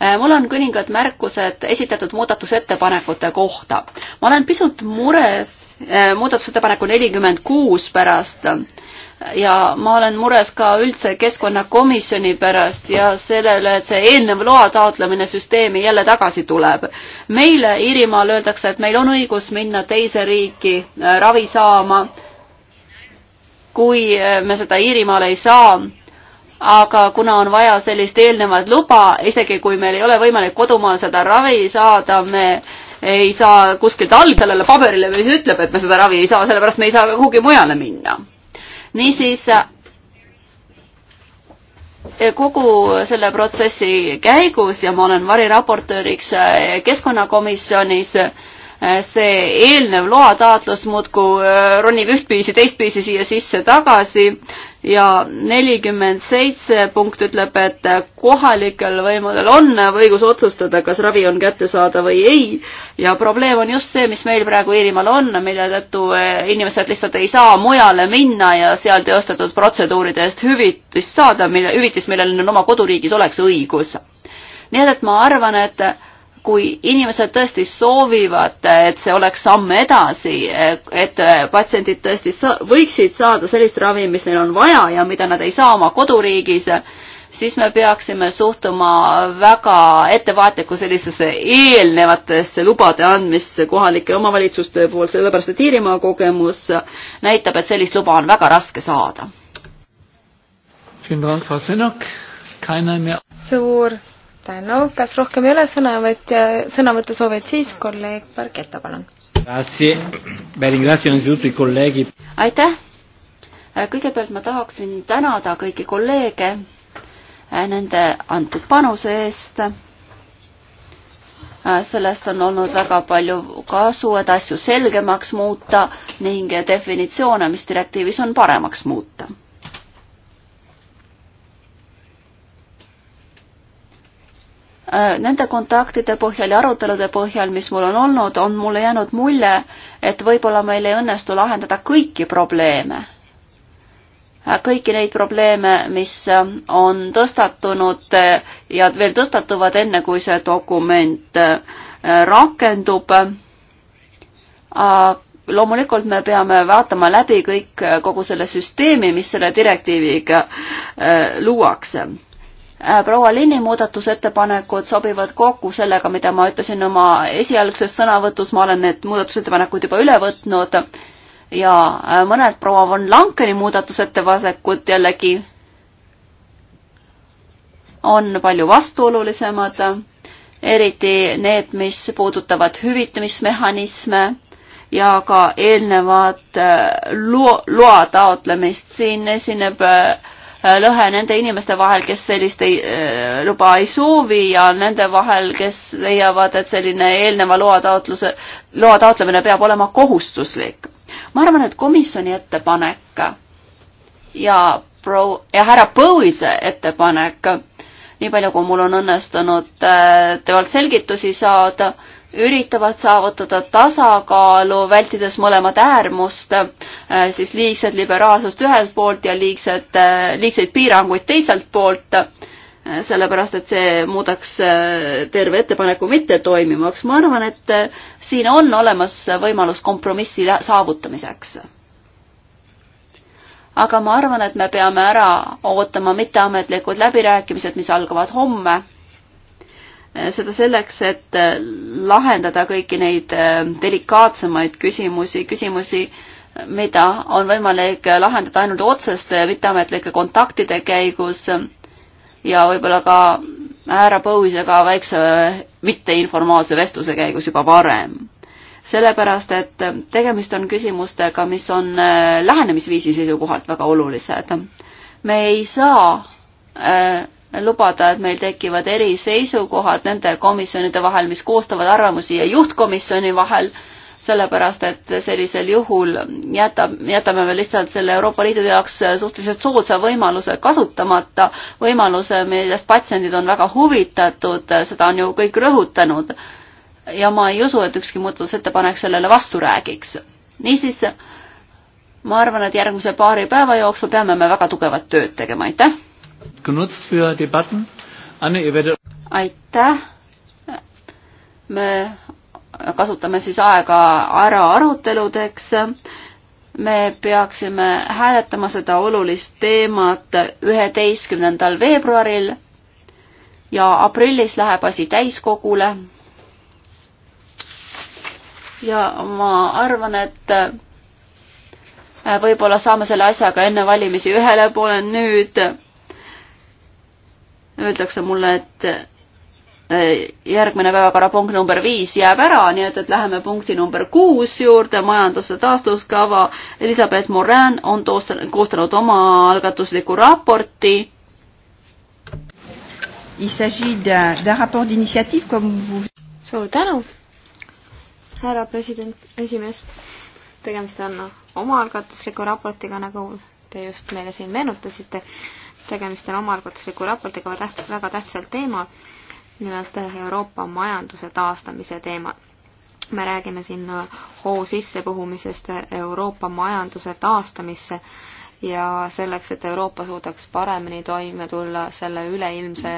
Äh, mul on mõningad märkused esitatud muudatusettepanekute kohta. ma olen pisut mures äh, muudatusettepaneku nelikümmend kuus pärast ja ma olen mures ka üldse keskkonnakomisjoni pärast ja sellele, et see eelnev loa taotlemine süsteemi jälle tagasi tuleb. meile Iirimaal öeldakse, et meil on õigus minna teise riiki äh, ravi saama, kui me seda Iirimaal ei saa aga kuna on vaja sellist eelnevat luba, isegi kui meil ei ole võimalik kodumaal seda ravi saada, me ei saa kuskilt all sellele paberile, mis ütleb, et me seda ravi ei saa, sellepärast me ei saa ka kuhugi mujale minna. niisiis kogu selle protsessi käigus ja ma olen variraportööriks keskkonnakomisjonis, see eelnev loataotlus muudkui ronib ühtpiisi, teistpiisi siia sisse tagasi ja nelikümmend seitse punkt ütleb, et kohalikel võimudel on õigus otsustada, kas ravi on kättesaadav või ei. ja probleem on just see, mis meil praegu Iirimaal on, mille tõttu eh, inimesed lihtsalt ei saa mujale minna ja seal teostatud protseduuride eest hüvitist saada, mille, hüvitist, millel on oma koduriigis oleks õigus. nii et, et ma arvan, et kui inimesed tõesti soovivad, et see oleks samm edasi, et patsiendid tõesti sa võiksid saada sellist ravi, mis neil on vaja ja mida nad ei saa oma koduriigis, siis me peaksime suhtuma väga ettevaatliku sellisesse eelnevatesse lubade andmisse kohalike omavalitsuste poolt, sellepärast et Iirimaa kogemus näitab, et sellist luba on väga raske saada. suur no kas rohkem ei ole sõnavõtja, sõnavõtusoovijaid, siis kolleeg Bargetta, palun. aitäh, kõigepealt ma tahaksin tänada kõiki kolleege eh, nende antud panuse eest. Eh, sellest on olnud väga palju kasu, et asju selgemaks muuta ning definitsioone, mis direktiivis on, paremaks muuta Äh, nende kontaktide põhjal ja arutelude põhjal, mis mul on olnud, on mulle jäänud mulje, et võib-olla meil ei õnnestu lahendada kõiki probleeme. Äh, kõiki neid probleeme, mis äh, on tõstatunud ja veel tõstatuvad enne, kui see dokument rakendub. loomulikult me peame vaatama läbi kõik, kogu selle süsteemi, mis selle direktiiviga luuakse Äh, proua Linni muudatusettepanekud sobivad kokku sellega, mida ma ütlesin oma esialgses sõnavõtus, ma olen need muudatusettepanekud juba üle võtnud ja äh, mõned proua von Lankeni muudatusettepanekud jällegi on palju vastuolulisemad, eriti need, mis puudutavad hüvitamismehhanisme ja ka eelnevat äh, loa taotlemist. siin esineb äh, Äh, lõhe nende inimeste vahel, kes sellist ei, äh, luba ei soovi ja nende vahel, kes leiavad, et selline eelneva loataotluse, loa taotlemine peab olema kohustuslik. ma arvan, et komisjoni ettepanek ja proua ja härra Põuise ettepanek, nii palju, kui mul on õnnestunud äh, temalt selgitusi saada üritavad saavutada tasakaalu, vältides mõlemat äärmust, äh, siis liigset liberaalsust ühelt poolt ja liigset, äh, liigseid piiranguid teiselt poolt, äh, sellepärast et see muudaks terve ettepaneku mittetoimivaks. ma arvan, et siin on olemas võimalus kompromissi saavutamiseks aga ma arvan, et me peame ära ootama mitteametlikud läbirääkimised, mis algavad homme Eh, seda selleks, et eh, lahendada kõiki neid eh, delikaatsemaid küsimusi, küsimusi, mida on võimalik lahendada ainult otseste mitteametlike kontaktide käigus ja võib-olla ka äärapõusega väikse mitteinformaalse vestluse käigus juba varem. sellepärast, et tegemist on küsimustega, mis on lähenemisviisi seisukohalt väga olulised. me ei saa äh, lubada, et meil tekivad eriseisukohad nende komisjonide vahel, mis koostavad arvamusi ja juhtkomisjoni vahel, sellepärast et sellisel juhul jätab, jätame me lihtsalt selle Euroopa Liidu jaoks suhteliselt soodsa võimaluse kasutamata, võimaluse, millest patsiendid on väga huvitatud, seda on ju kõik rõhutanud. ja ma ei usu, et ükski muudatusettepanek sellele vastu räägiks. niisiis, ma arvan, et järgmise paari päeva jooksul peame me väga tugevat tööd tegema, aitäh! aitäh. me kasutame siis aega ära aruteludeks. me peaksime hääletama seda olulist teemat üheteistkümnendal veebruaril ja aprillis läheb asi täiskogule. ja ma arvan, et äh, võib-olla saame selle asjaga enne valimisi ühele poole nüüd öeldakse mulle, et eh, järgmine päevakorrapunkt number viis jääb ära, nii et, et läheme punkti number kuus juurde, majanduse taastuskava. Elizabeth Morin on toostanud, koostanud omaalgatusliku raporti. suur tänu, härra president, esimees. tegemist on omaalgatusliku raportiga, nagu te just meile siin meenutasite tegemist on omaalgatusliku raportiga täht-, väga tähtsal teemal, nimelt eh, Euroopa majanduse taastamise teemal. me räägime siin eh, hoo sissepuhumisest eh, Euroopa majanduse taastamisse ja selleks, et Euroopa suudaks paremini toime tulla selle üleilmse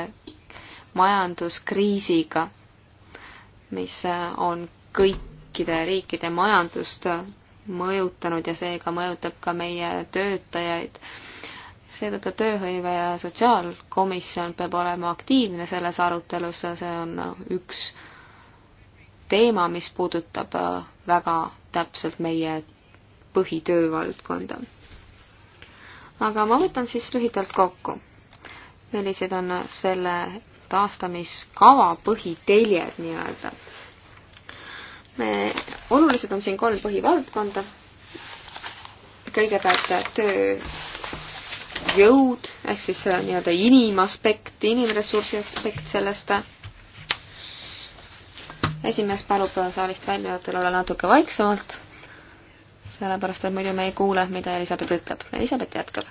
majanduskriisiga, mis on kõikide riikide majandust mõjutanud ja seega mõjutab ka meie töötajaid seetõttu tööhõive ja sotsiaalkomisjon peab olema aktiivne selles arutelus, see on üks teema, mis puudutab väga täpselt meie põhitöövaldkonda. aga ma võtan siis lühidalt kokku, millised on selle taastamiskava põhiteljed nii-öelda. me, olulised on siin kolm põhivaldkonda, kõigepealt töö jõud ehk siis nii-öelda inimaspekt, inimressursi aspekt sellest. esimees palub saalist väljajutul olla natuke vaiksemalt, sellepärast et muidu me ei kuule, mida Elizabeth ütleb. Elizabeth jätkab.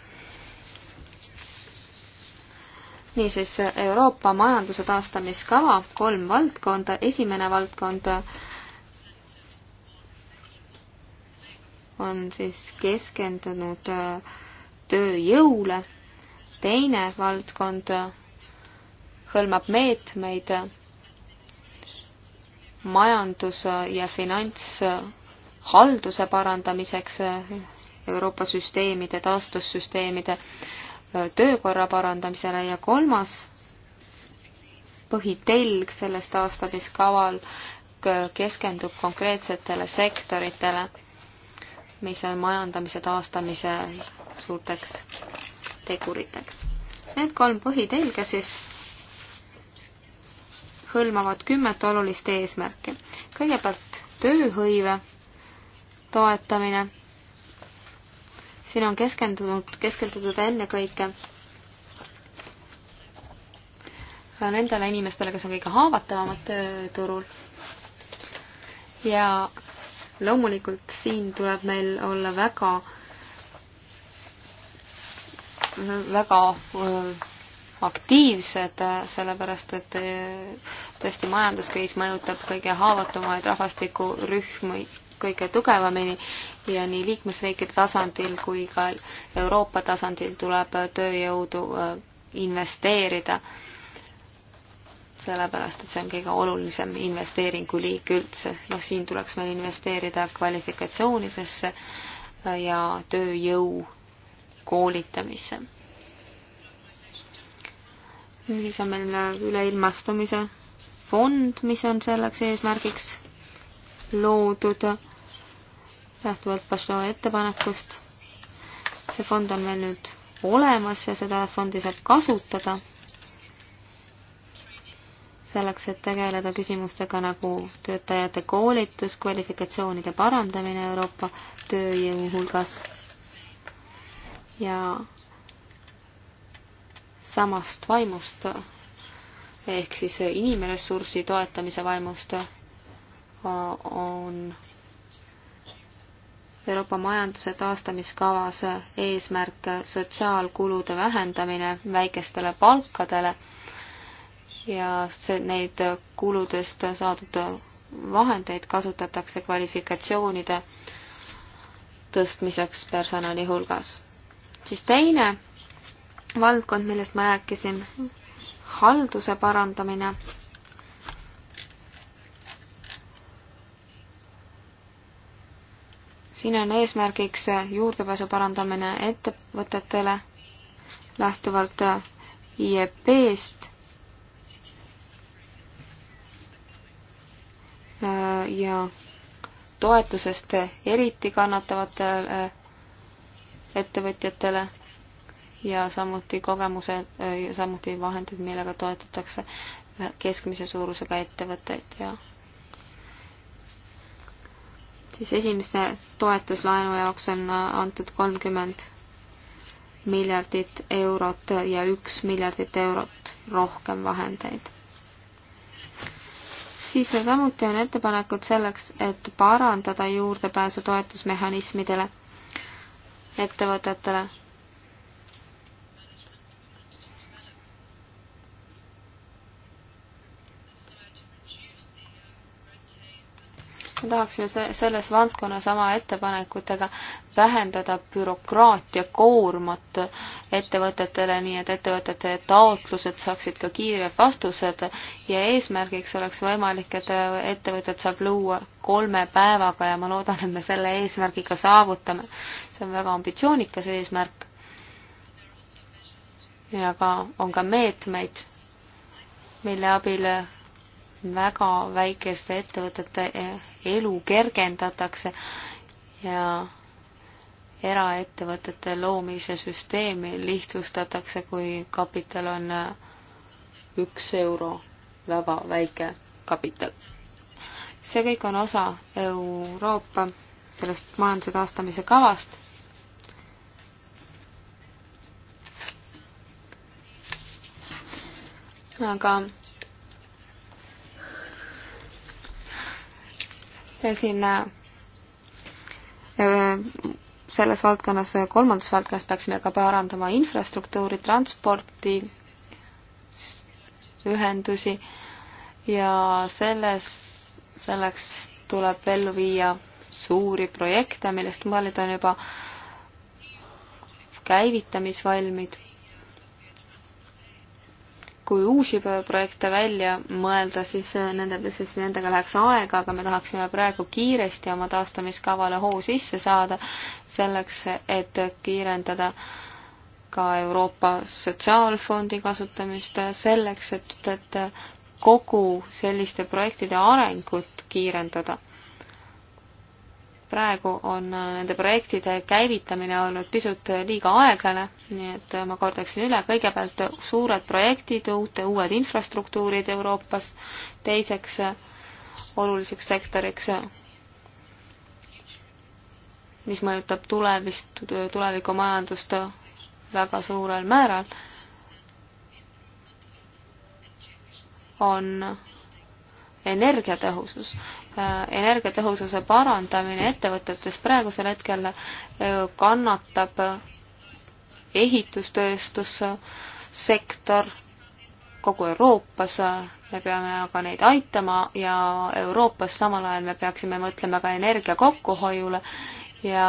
niisiis, Euroopa majanduse taastamiskava, kolm valdkonda, esimene valdkond on siis keskendunud äh, tööjõule. teine valdkond hõlmab meetmeid majandus- ja finantshalduse parandamiseks Euroopa süsteemide, taastussüsteemide töökorra parandamisele ja kolmas põhitelg selles taastamiskaval keskendub konkreetsetele sektoritele, mis on majandamise taastamisel suurteks teguriteks. Need kolm põhitelge siis hõlmavad kümmet olulist eesmärki. kõigepealt tööhõive toetamine. siin on keskendunud, keskendutud ennekõike nendele inimestele, kes on kõige haavatavamad tööturul. ja loomulikult siin tuleb meil olla väga väga äh, aktiivsed, äh, sellepärast et äh, tõesti majanduskriis mõjutab kõige haavatumaid rahvastikurühmi kõige tugevamini ja nii liikmesriikide tasandil kui ka Euroopa tasandil tuleb tööjõudu investeerida, sellepärast et see on kõige olulisem investeeringuliik üldse. noh, siin tuleks meil investeerida kvalifikatsioonidesse ja tööjõu koolitamisse. siis on meil üleilmastumise fond, mis on selleks eesmärgiks loodud lähtuvalt Barcelona ettepanekust. see fond on meil nüüd olemas ja seda fondi saab kasutada selleks, et tegeleda küsimustega nagu töötajate koolitus, kvalifikatsioonide parandamine Euroopa tööjõu hulgas ja samast vaimust ehk siis inimressursi toetamise vaimust on Euroopa majanduse taastamiskavas eesmärk sotsiaalkulude vähendamine väikestele palkadele ja see, neid kuludest saadud vahendeid kasutatakse kvalifikatsioonide tõstmiseks personali hulgas siis teine valdkond, millest ma rääkisin, halduse parandamine. siin on eesmärgiks juurdepääsu parandamine ettevõtetele lähtuvalt IEP-st ja toetusest eriti kannatavatele ettevõtjatele ja samuti kogemused, samuti vahendid, millega toetatakse keskmise suurusega ettevõtteid ja siis esimese toetuslaenu jaoks on antud kolmkümmend miljardit eurot ja üks miljardit eurot rohkem vahendeid siis samuti on ettepanekud selleks, et parandada juurdepääsu toetusmehhanismidele ettevõtetele tahaksime selles valdkonnas oma ettepanekutega vähendada bürokraatia koormat ettevõtetele, nii et ettevõtete taotlused saaksid ka kiired vastused ja eesmärgiks oleks võimalik, et ettevõtted saab luua kolme päevaga ja ma loodan, et me selle eesmärgi ka saavutame. see on väga ambitsioonikas eesmärk. ja ka, on ka meetmeid, mille abil väga väikeste ettevõtete eh, elu kergendatakse ja eraettevõtete loomise süsteemi lihtsustatakse, kui kapital on eh, üks euro, väga väike kapital. see kõik on osa Euroopa sellest majanduse taastamise kavast. aga siin äh, selles valdkonnas, äh, kolmandas valdkonnas peaksime ka parandama infrastruktuuri, transporti, ühendusi ja selles, selleks tuleb ellu viia suuri projekte, millest mõeldud on juba käivitamisvalmid kui uusi projekte välja mõelda, siis äh, nende, siis nendega läheks aega, aga me tahaksime praegu kiiresti oma taastamiskavale hoo sisse saada, selleks et kiirendada ka Euroopa Sotsiaalfondi kasutamist, selleks et, et kogu selliste projektide arengut kiirendada praegu on äh, nende projektide käivitamine olnud pisut liiga aeglane, nii et äh, ma kordaksin üle, kõigepealt suured projektid, uute, uued infrastruktuurid Euroopas, teiseks äh, oluliseks sektoriks, mis mõjutab tulevist, tulevikumajandust väga suurel määral, on energiatõhusus Äh, energiatõhususe parandamine ettevõtetes praegusel hetkel äh, kannatab äh, ehitustööstussektor kogu Euroopas, me peame aga neid aitama ja Euroopas samal ajal me peaksime mõtlema ka energia kokkuhoiule ja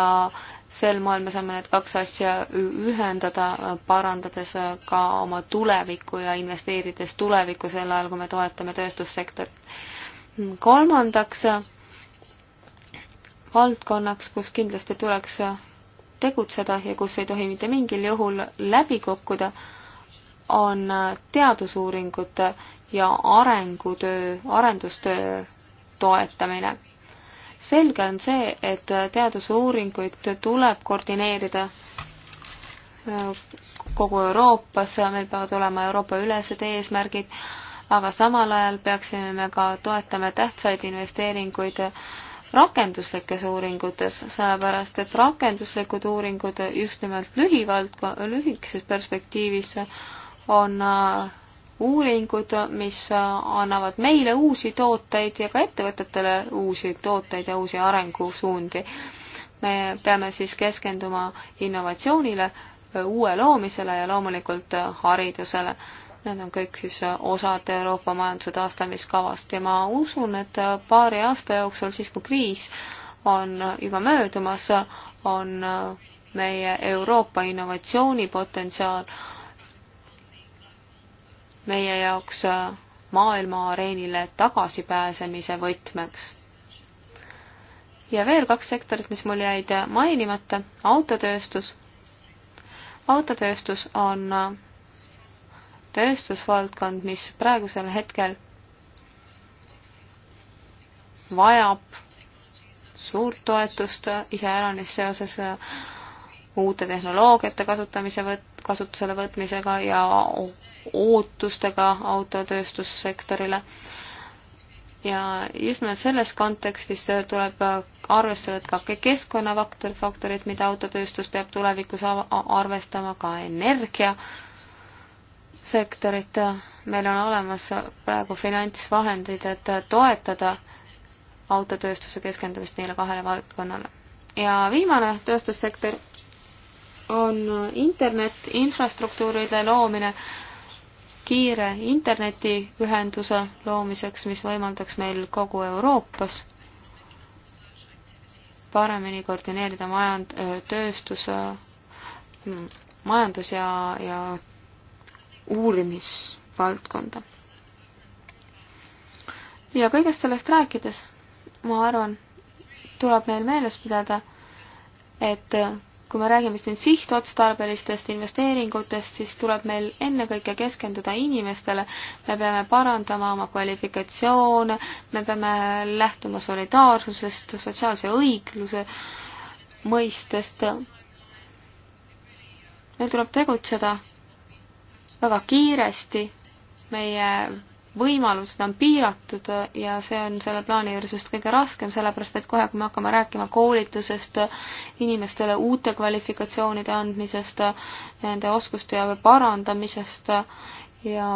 sel moel me saame need kaks asja ühendada, parandades ka oma tulevikku ja investeerides tulevikku sel ajal, kui me toetame tööstussektorit kolmandaks valdkonnaks, kus kindlasti tuleks tegutseda ja kus ei tohi mitte mingil juhul läbi kukkuda, on teadusuuringute ja arengutöö, arendustöö toetamine. selge on see, et teadusuuringuid tuleb koordineerida kogu Euroopas, meil peavad olema Euroopa ülesed eesmärgid aga samal ajal peaksime me ka toetama tähtsaid investeeringuid rakenduslikes uuringutes, sellepärast et rakenduslikud uuringud just nimelt lühivaldko-, lühikeses perspektiivis on äh, uuringud, mis äh, annavad meile uusi tooteid ja ka ettevõtetele uusi tooteid ja uusi arengusuundi. me peame siis keskenduma innovatsioonile, äh, uue loomisele ja loomulikult haridusele Need on kõik siis äh, osad Euroopa majanduse taastamiskavast ja ma usun, et äh, paari aasta jooksul, siis kui kriis on äh, juba möödumas, on meie Euroopa innovatsioonipotentsiaal meie jaoks maailma areenile tagasipääsemise võtmeks. ja veel kaks sektorit, mis mul jäid mainimata, autotööstus. autotööstus on tööstusvaldkond, mis praegusel hetkel vajab suurt toetust iseäranis seoses äh, uute tehnoloogiate kasutamise võt-, kasutusele võtmisega ja ootustega autotööstussektorile. ja just nimelt selles kontekstis tuleb arvesse võtta ka keskkonnafaktor, faktorid, mida autotööstus peab tulevikus arvestama, ka energia äh, sektorit, meil on olemas praegu finantsvahendid, et toetada autotööstuse keskendumist neile kahele valdkonnale. ja viimane tööstussektor on internet, infrastruktuuride loomine, kiire internetiühenduse loomiseks, mis võimaldaks meil kogu Euroopas paremini koordineerida majand-, tööstus, majandus- ja, ja uurimisvaldkonda. ja kõigest sellest rääkides, ma arvan, tuleb meil meeles pidada, et kui me räägime siin sihtotstarbelistest investeeringutest, siis tuleb meil ennekõike keskenduda inimestele. me peame parandama oma kvalifikatsioone, me peame lähtuma solidaarsusest, sotsiaalse õigluse mõistest. meil tuleb tegutseda väga kiiresti, meie võimalused on piiratud ja see on selle plaani juures just kõige raskem, sellepärast et kohe, kui me hakkame rääkima koolitusest, inimestele uute kvalifikatsioonide andmisest, nende oskusteave parandamisest ja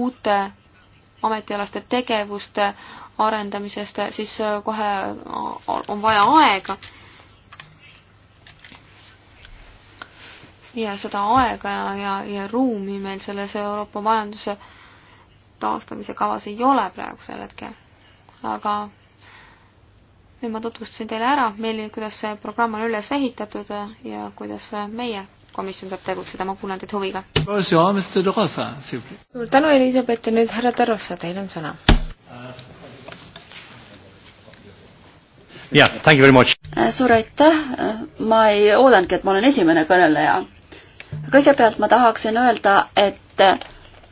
uute ametialaste tegevuste arendamisest, siis kohe on vaja aega ja seda aega ja, ja, ja ruumi meil selles Euroopa majanduse taastamise kavas ei ole praegusel hetkel. aga nüüd ma tutvustasin teile ära, milline, kuidas see programm on üles ehitatud ja kuidas meie komisjon saab tegutseda, ma kuulan teid huviga. suur tänu, Elizabeth ja nüüd härra Tarossa, teil on sõna. jah yeah,, thank you very much. Äh, suur aitäh, äh, ma ei oodanudki, et ma olen esimene kõneleja kõigepealt ma tahaksin öelda, et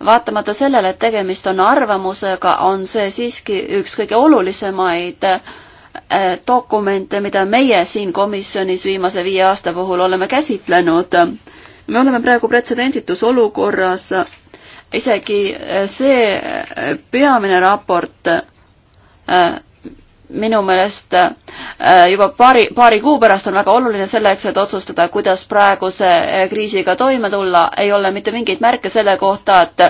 vaatamata sellele, et tegemist on arvamusega, on see siiski üks kõige olulisemaid äh, dokumente, mida meie siin komisjonis viimase viie aasta puhul oleme käsitlenud. me oleme praegu pretsedenditus olukorras, isegi äh, see äh, peamine raport minu meelest äh, juba paari, paari kuu pärast on väga oluline selleks, et otsustada, kuidas praeguse äh, kriisiga toime tulla, ei ole mitte mingeid märke selle kohta, et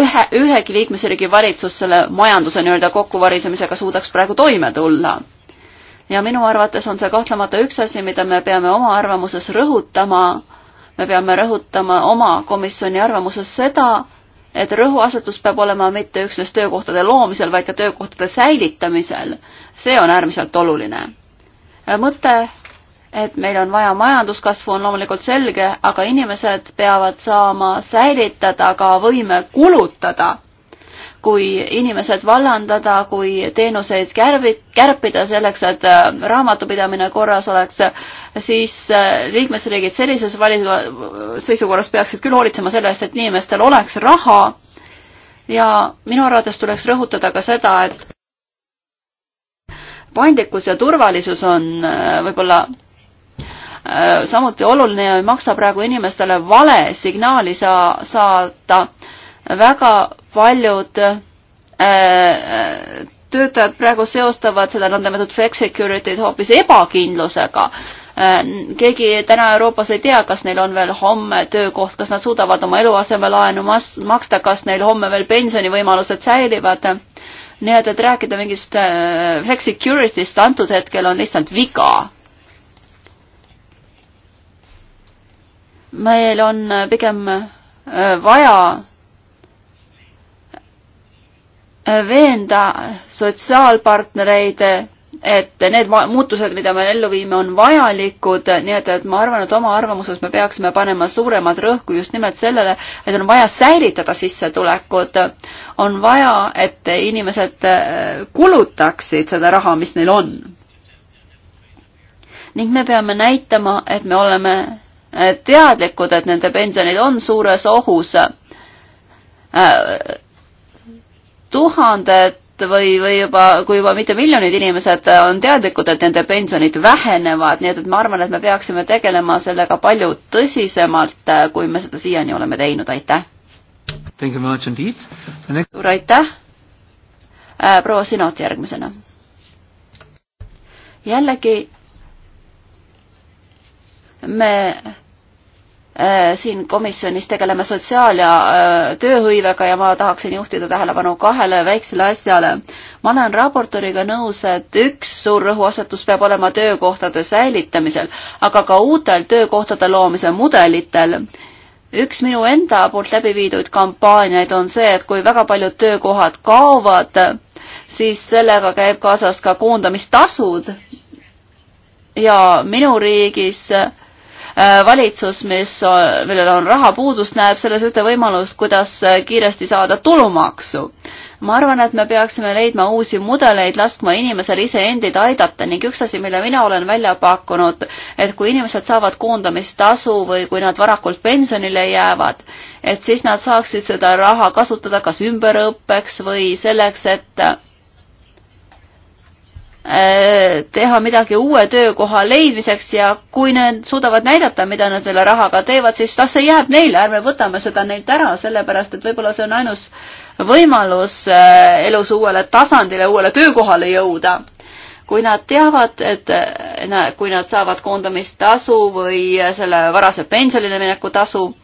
ühe, ühegi liikmesriigi valitsus selle majanduse nii-öelda kokkuvarisemisega suudaks praegu toime tulla. ja minu arvates on see kahtlemata üks asi, mida me peame oma arvamuses rõhutama, me peame rõhutama oma komisjoni arvamuses seda, et rõhuasetus peab olema mitte üksnes töökohtade loomisel, vaid ka töökohtade säilitamisel. see on äärmiselt oluline. mõte, et meil on vaja majanduskasvu, on loomulikult selge, aga inimesed peavad saama säilitada ka võime kulutada kui inimesed vallandada, kui teenuseid kärbid, kärpida selleks, et äh, raamatupidamine korras oleks, siis äh, liikmesriigid sellises valiku seisukorras peaksid küll hoolitsema selle eest, et inimestel oleks raha ja minu arvates tuleks rõhutada ka seda, et paindlikkus ja turvalisus on äh, võib-olla samuti oluline ja ei maksa praegu inimestele vale signaali saa, saada väga paljud äh, äh, töötajad praegu seostavad seda nõndanimetatud flex security'd hoopis ebakindlusega. Äh, keegi täna Euroopas ei tea, kas neil on veel homme töökoht, kas nad suudavad oma eluasemelaenu mas-, maksta, kas neil homme veel pensionivõimalused säilivad. nii et, et rääkida mingist flex security'st antud hetkel on lihtsalt viga. meil on pigem vaja veenda sotsiaalpartnereid, et need muutused, mida me ellu viime, on vajalikud, nii et, et ma arvan, et oma arvamuses me peaksime panema suuremat rõhku just nimelt sellele, et on vaja säilitada sissetulekud, on vaja, et inimesed äh, kulutaksid seda raha, mis neil on. ning me peame näitama, et me oleme äh, teadlikud, et nende pensionid on suures ohus äh, tuhanded või, või juba, kui juba mitte miljonid inimesed on teadlikud, et nende pensionid vähenevad, nii et, et ma arvan, et me peaksime tegelema sellega palju tõsisemalt, kui me seda siiani oleme teinud, aitäh. suur aitäh. Äh, proua Sinot järgmisena. jällegi me Äh, siin komisjonis tegeleme sotsiaal- ja äh, tööhõivega ja ma tahaksin juhtida tähelepanu kahele väiksele asjale. ma olen raportööriga nõus, et üks suur rõhuasetus peab olema töökohtade säilitamisel, aga ka uutel töökohtade loomise mudelitel üks minu enda poolt läbi viidud kampaaniaid on see, et kui väga paljud töökohad kaovad, siis sellega käib kaasas ka koondamistasud. ja minu riigis äh, Äh, valitsus, mis, millel on rahapuudus, näeb selles ühte võimalust, kuidas äh, kiiresti saada tulumaksu. ma arvan, et me peaksime leidma uusi mudeleid, laskma inimesel iseendid aidata ning üks asi, mille mina olen välja pakkunud, et kui inimesed saavad koondamistasu või kui nad varakult pensionile jäävad, et siis nad saaksid seda raha kasutada kas ümberõppeks või selleks, et Äh, teha midagi uue töökoha leidmiseks ja kui need suudavad näidata, mida nad selle rahaga teevad, siis las see jääb neile, ärme võtame seda neilt ära, sellepärast et võib-olla see on ainus võimalus äh, elus uuele tasandile, uuele töökohale jõuda. kui nad teavad, et äh, kui nad saavad koondamistasu või selle varase pensionile mineku tasu,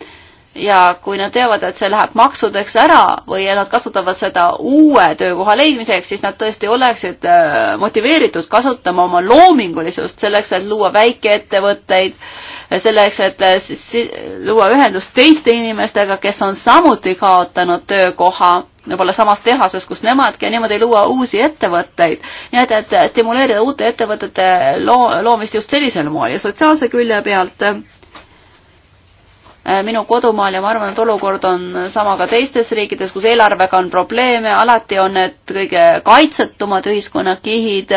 ja kui nad teavad, et see läheb maksudeks ära või nad kasutavad seda uue töökoha leidmiseks, siis nad tõesti oleksid äh, motiveeritud kasutama oma loomingulisust selleks, et luua väikeettevõtteid, selleks, et äh, luua ühendust teiste inimestega, kes on samuti kaotanud töökoha võib-olla samas tehases, kus nemadki ja niimoodi luua uusi ettevõtteid. nii et, et stimuleerida uute ettevõtete loo, loomist just sellisel moel ja sotsiaalse külje pealt äh, Äh, minu kodumaal ja ma arvan, et olukord on sama ka teistes riikides, kus eelarvega on probleeme, alati on need kõige kaitsetumad ühiskonnakihid,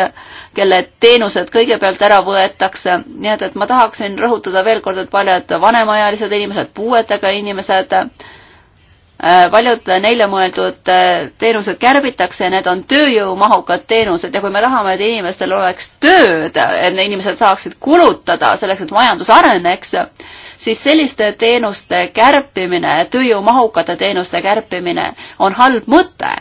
kelle teenused kõigepealt ära võetakse. nii et, et ma tahaksin rõhutada veel kord, et paljud vanemaealised inimesed, puuetega inimesed, äh, paljud neile mõeldud äh, teenused kärbitakse ja need on tööjõumahukad teenused ja kui me tahame, et inimestel oleks tööd, et inimesed saaksid kulutada selleks, et majandus areneks, siis selliste teenuste kärpimine, tööjõumahukate teenuste kärpimine on halb mõte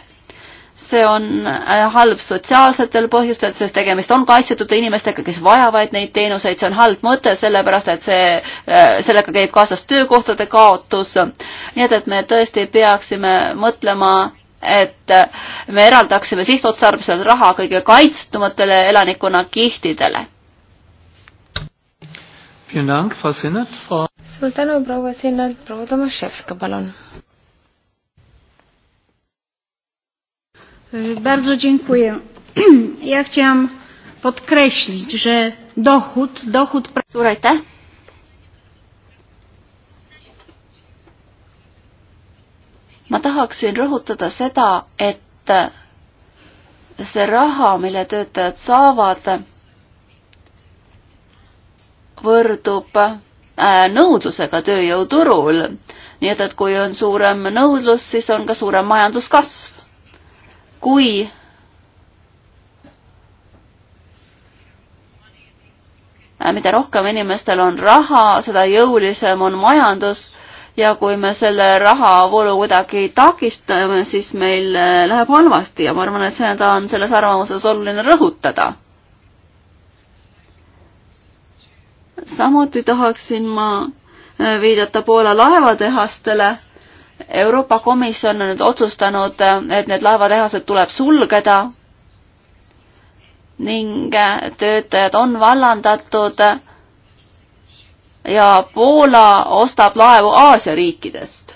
see on äh, halb sotsiaalsetel põhjustel, sest tegemist on kaitsetud inimestega, kes vajavad neid teenuseid, see on halb mõte, sellepärast et see, äh, sellega käib kaasas töökohtade kaotus. nii et, et me tõesti peaksime mõtlema, et äh, me eraldaksime sihtotsarbeliselt raha kõige kaitstumatele elanikkonna kihtidele suur tänu, proua Sinnat, proua Tomaševska, palun. Bardzo dziękuję. *clears throat* Ja chciałam podkreślić, że dochód, dochód... Suur aitäh! ma tahaksin rõhutada seda, et see raha, mille töötajad saavad, võrdub äh, nõudlusega tööjõuturul. nii et, et kui on suurem nõudlus, siis on ka suurem majanduskasv. kui äh, mida rohkem inimestel on raha, seda jõulisem on majandus ja kui me selle rahavoolu kuidagi takistame, siis meil äh, läheb halvasti ja ma arvan, et seda on selles arvamuses oluline rõhutada samuti tahaksin ma äh, viidata Poola laevatehastele. Euroopa Komisjon on nüüd otsustanud, äh, et need laevatehased tuleb sulgeda ning äh, töötajad on vallandatud ja Poola ostab laevu Aasia riikidest.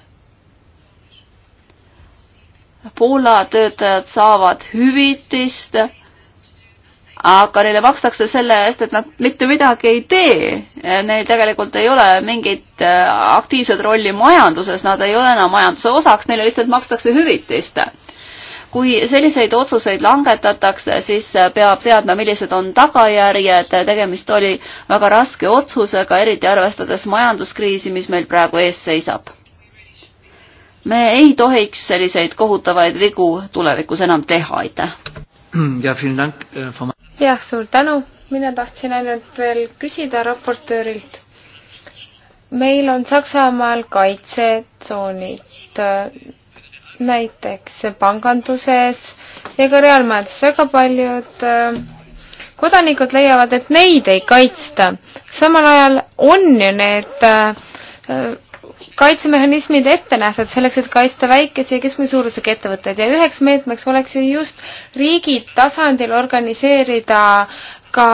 Poola töötajad saavad hüvitist aga neile makstakse selle eest, et nad mitte midagi ei tee. Neil tegelikult ei ole mingit äh, aktiivset rolli majanduses, nad ei ole enam majanduse osaks, neile lihtsalt makstakse hüvitist. kui selliseid otsuseid langetatakse, siis äh, peab teadma, millised on tagajärjed, tegemist oli väga raske otsusega, eriti arvestades majanduskriisi, mis meil praegu ees seisab. me ei tohiks selliseid kohutavaid vigu tulevikus enam teha, aitäh! Ja, vielen Dank, Frau äh, jah, suur tänu, mina tahtsin ainult veel küsida raportöörilt. meil on Saksamaal kaitsetsoonid äh, näiteks panganduses ja ka reaalmajanduses väga paljud äh, kodanikud leiavad, et neid ei kaitsta. samal ajal on ju need äh, kaitsemehhanismid ette nähtud selleks, et kaitsta väikese ja keskmise suurusega ettevõtteid ja üheks meetmeks oleks ju just riigi tasandil organiseerida ka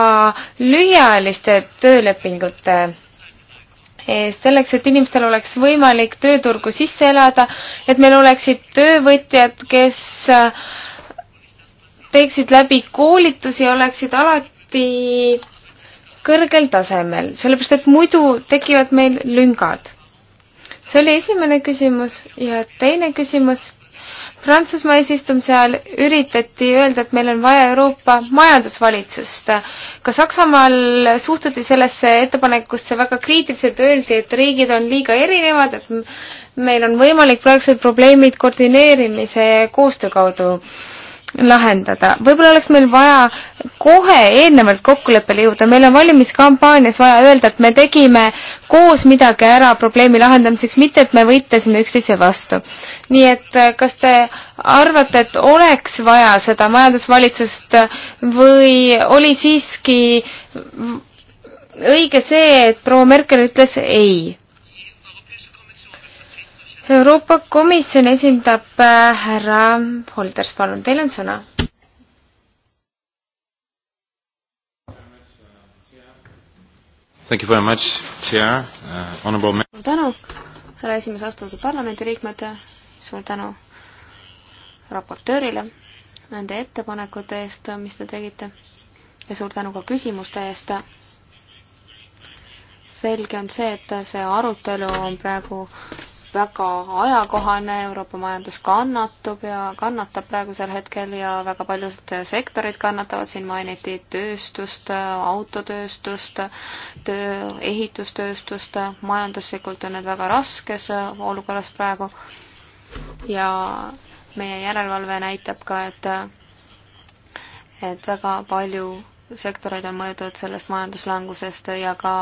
lühiajaliste töölepingute eest, selleks, et inimestel oleks võimalik tööturgu sisse elada, et meil oleksid töövõtjad, kes äh, teeksid läbi koolitusi, oleksid alati kõrgel tasemel, sellepärast et muidu tekivad meil lüngad see oli esimene küsimus ja teine küsimus. Prantsusmaa eesistumise ajal üritati öelda, et meil on vaja Euroopa majandusvalitsust. ka Saksamaal suhtuti sellesse ettepanekusse väga kriitiliselt, öeldi, et riigid on liiga erinevad, et meil on võimalik praegused probleemid koordineerimise ja koostöö kaudu lahendada. võib-olla oleks meil vaja kohe eelnevalt kokkuleppele jõuda, meil on valimiskampaanias vaja öelda, et me tegime koos midagi ära probleemi lahendamiseks, mitte et me võitlesime üksteise vastu. nii et äh, kas te arvate, et oleks vaja seda majandusvalitsust või oli siiski õige see, et proua Merkel ütles ei? Euroopa Komisjoni esindab äh, härra Holders, palun, teil on sõna. Thank you very much, chair uh,, honorable. suur tänu, härra esimees, austatud parlamendiliikmed, suur tänu raportöörile nende ettepanekute eest, mis te tegite ja suur tänu ka küsimuste eest. selge on see, et see arutelu on praegu väga ajakohane, Euroopa majandus kannatub ja kannatab praegusel hetkel ja väga paljud sektorid kannatavad, siin mainiti tööstust, autotööstust, töö, ehitustööstust, majanduslikult on need väga raskes olukorras praegu ja meie järelevalve näitab ka, et et väga palju sektoreid on mõjutatud sellest majanduslangusest ja ka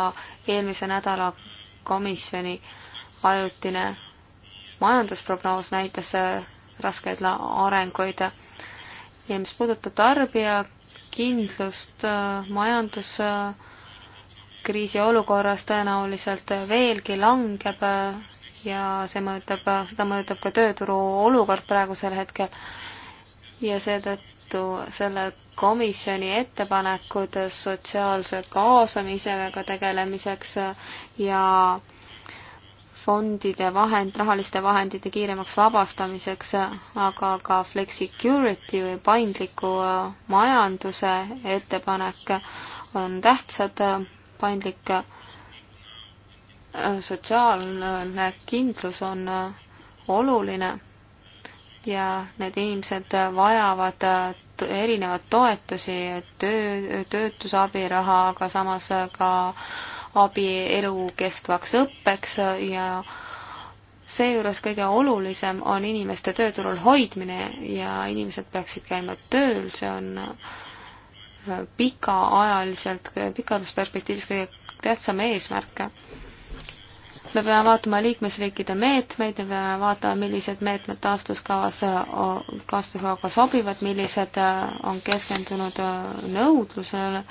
eelmise nädala komisjoni äh, ajutine majandusprognoos näitas äh, raskeid arenguid ja mis puudutab tarbija kindlust äh, majanduskriisi äh, olukorras tõenäoliselt veelgi langeb ja see mõjutab, seda mõjutab ka tööturu olukord praegusel hetkel ja seetõttu selle komisjoni ettepanekud sotsiaalse kaasamisega tegelemiseks ja fondide vahend, rahaliste vahendite kiiremaks vabastamiseks, aga ka flexicurity või paindliku äh, majanduse ettepanek on tähtsad, äh, paindlik äh, sotsiaalne kindlus on oluline ja need inimesed vajavad erinevat toetusi, töö, töötusabiraha, aga samas ka äh, abi elukestvaks õppeks ja seejuures kõige olulisem on inimeste tööturul hoidmine ja inimesed peaksid käima tööl, see on äh, pikaajaliselt, pikaajalises perspektiivis kõige tähtsam eesmärk me peame vaatama liikmesriikide meetmeid, me peame vaatama, millised meetmed taastuskavas, taastuskavaga sobivad, millised äh, on keskendunud äh, nõudlusele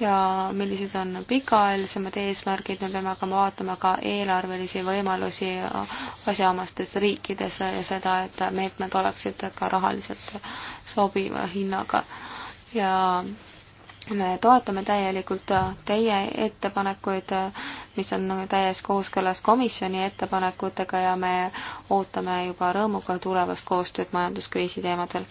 ja millised on pikaajalisemad eesmärgid, me peame hakkama vaatama ka eelarvelisi võimalusi äh, asjaomastes riikides ja seda, et meetmed oleksid ka rahaliselt sobiva hinnaga ja me toetame täielikult äh, teie ettepanekuid, äh, mis on täies kooskõlas komisjoni ettepanekutega ja me ootame juba rõõmuga tulevast koostööd majanduskriisi teemadel.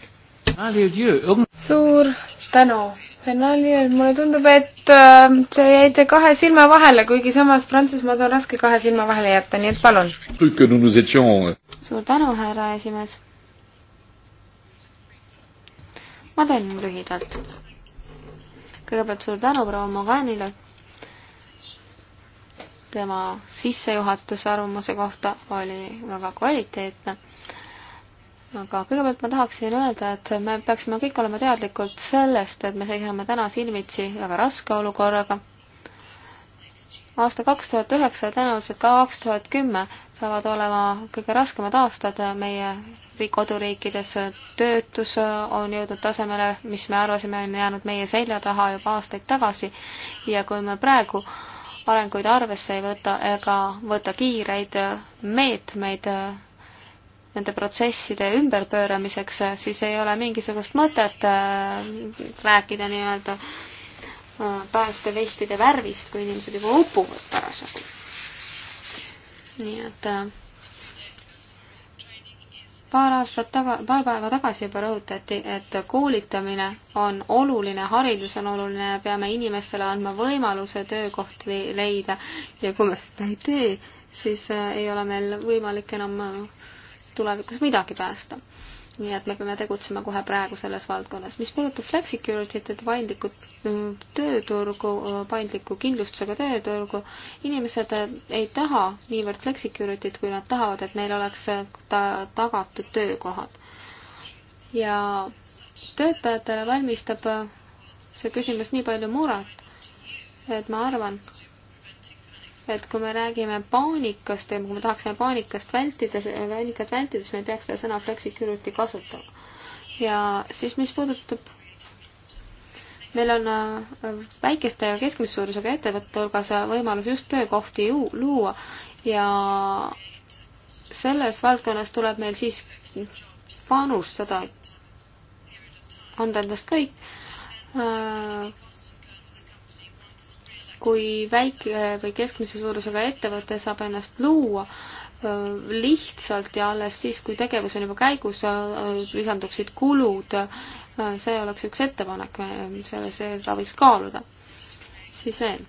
suur tänu! mulle tundub, et äh, see jäi te kahe silma vahele, kuigi samas Prantsusmaad on raske kahe silma vahele jätta, nii et palun. Euh. suur tänu, härra esimees. ma teen lühidalt kõigepealt suur tänu proua Moganile tema sissejuhatuse arvamuse kohta oli väga kvaliteetne. aga kõigepealt ma tahaksin öelda, et me peaksime kõik olema teadlikud sellest, et me seisame täna silmitsi väga raske olukorraga aasta kaks tuhat üheksa ja tõenäoliselt ka kaks tuhat kümme saavad olema kõige raskemad aastad meie koduriikides. töötus on jõudnud tasemele, mis me arvasime, on jäänud meie selja taha juba aastaid tagasi ja kui me praegu arenguid arvesse ei võta ega võta kiireid meetmeid nende protsesside ümberpööramiseks, siis ei ole mingisugust mõtet äh, rääkida nii-öelda äh, päästevestide värvist, kui inimesed juba upuvad parasjagu. nii et äh, paar aastat taga, paar päeva tagasi juba rõhutati, et koolitamine on oluline, haridus on oluline ja peame inimestele andma võimaluse töökohti leida ja kui me seda ei tee, siis äh, ei ole meil võimalik enam äh, tulevikus midagi päästa nii et me peame tegutsema kohe praegu selles valdkonnas. mis puudutab flexicurity't, et paindlikud mm, tööturgu, paindliku kindlustusega tööturgu, inimesed äh, ei taha niivõrd flexicurity't, kui nad tahavad, et neil oleks äh, ta tagatud töökohad. ja töötajatele valmistab äh, see küsimus nii palju muret, et ma arvan, et kui me räägime paanikast ja kui me tahaksime paanikast vältida, paanikat vältida, siis me ei peaks seda sõna flexicurity kasutama. ja siis, mis puudutab, meil on äh, väikeste ja keskmise suurusega ettevõtte hulgas võimalus just töökohti ju, luua ja selles valdkonnas tuleb meil siis panustada, anda endast kõik äh, kui väike või keskmise suurusega ettevõte saab ennast luua lihtsalt ja alles siis, kui tegevus on juba käigus, lisanduksid kulud, see oleks üks ettepanek, selle, seda võiks kaaluda. siis veel.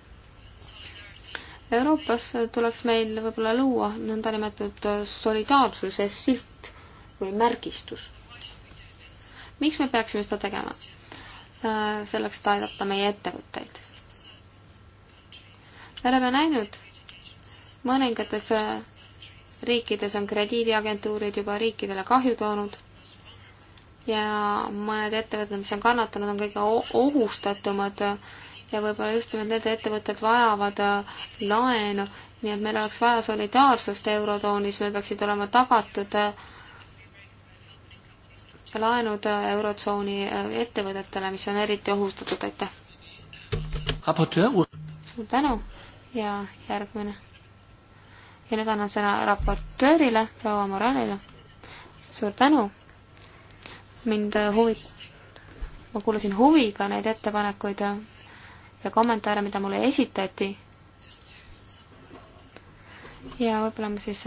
Euroopas tuleks meil võib-olla luua nõndanimetatud solidaarsuse silt või märgistus. miks me peaksime seda tegema? selleks, et aidata meie ettevõtteid me oleme näinud, mõningates äh, riikides on krediidiagentuurid juba riikidele kahju toonud ja mõned ettevõtted, mis on kannatanud, on kõige ohustatumad ja võib-olla just nimelt need ettevõtted vajavad äh, laenu, nii et meil oleks vaja solidaarsust eurotoonis, meil peaksid olema tagatud äh, laenud eurotsooni ettevõtetele, mis on eriti ohustatud, aitäh! suur tänu! ja järgmine. ja nüüd annan sõna raportöörile, proua Moralile. suur tänu. mind huvitas, ma kuulasin huviga neid ettepanekuid ja, ja kommentaare, mida mulle esitati. ja võib-olla ma siis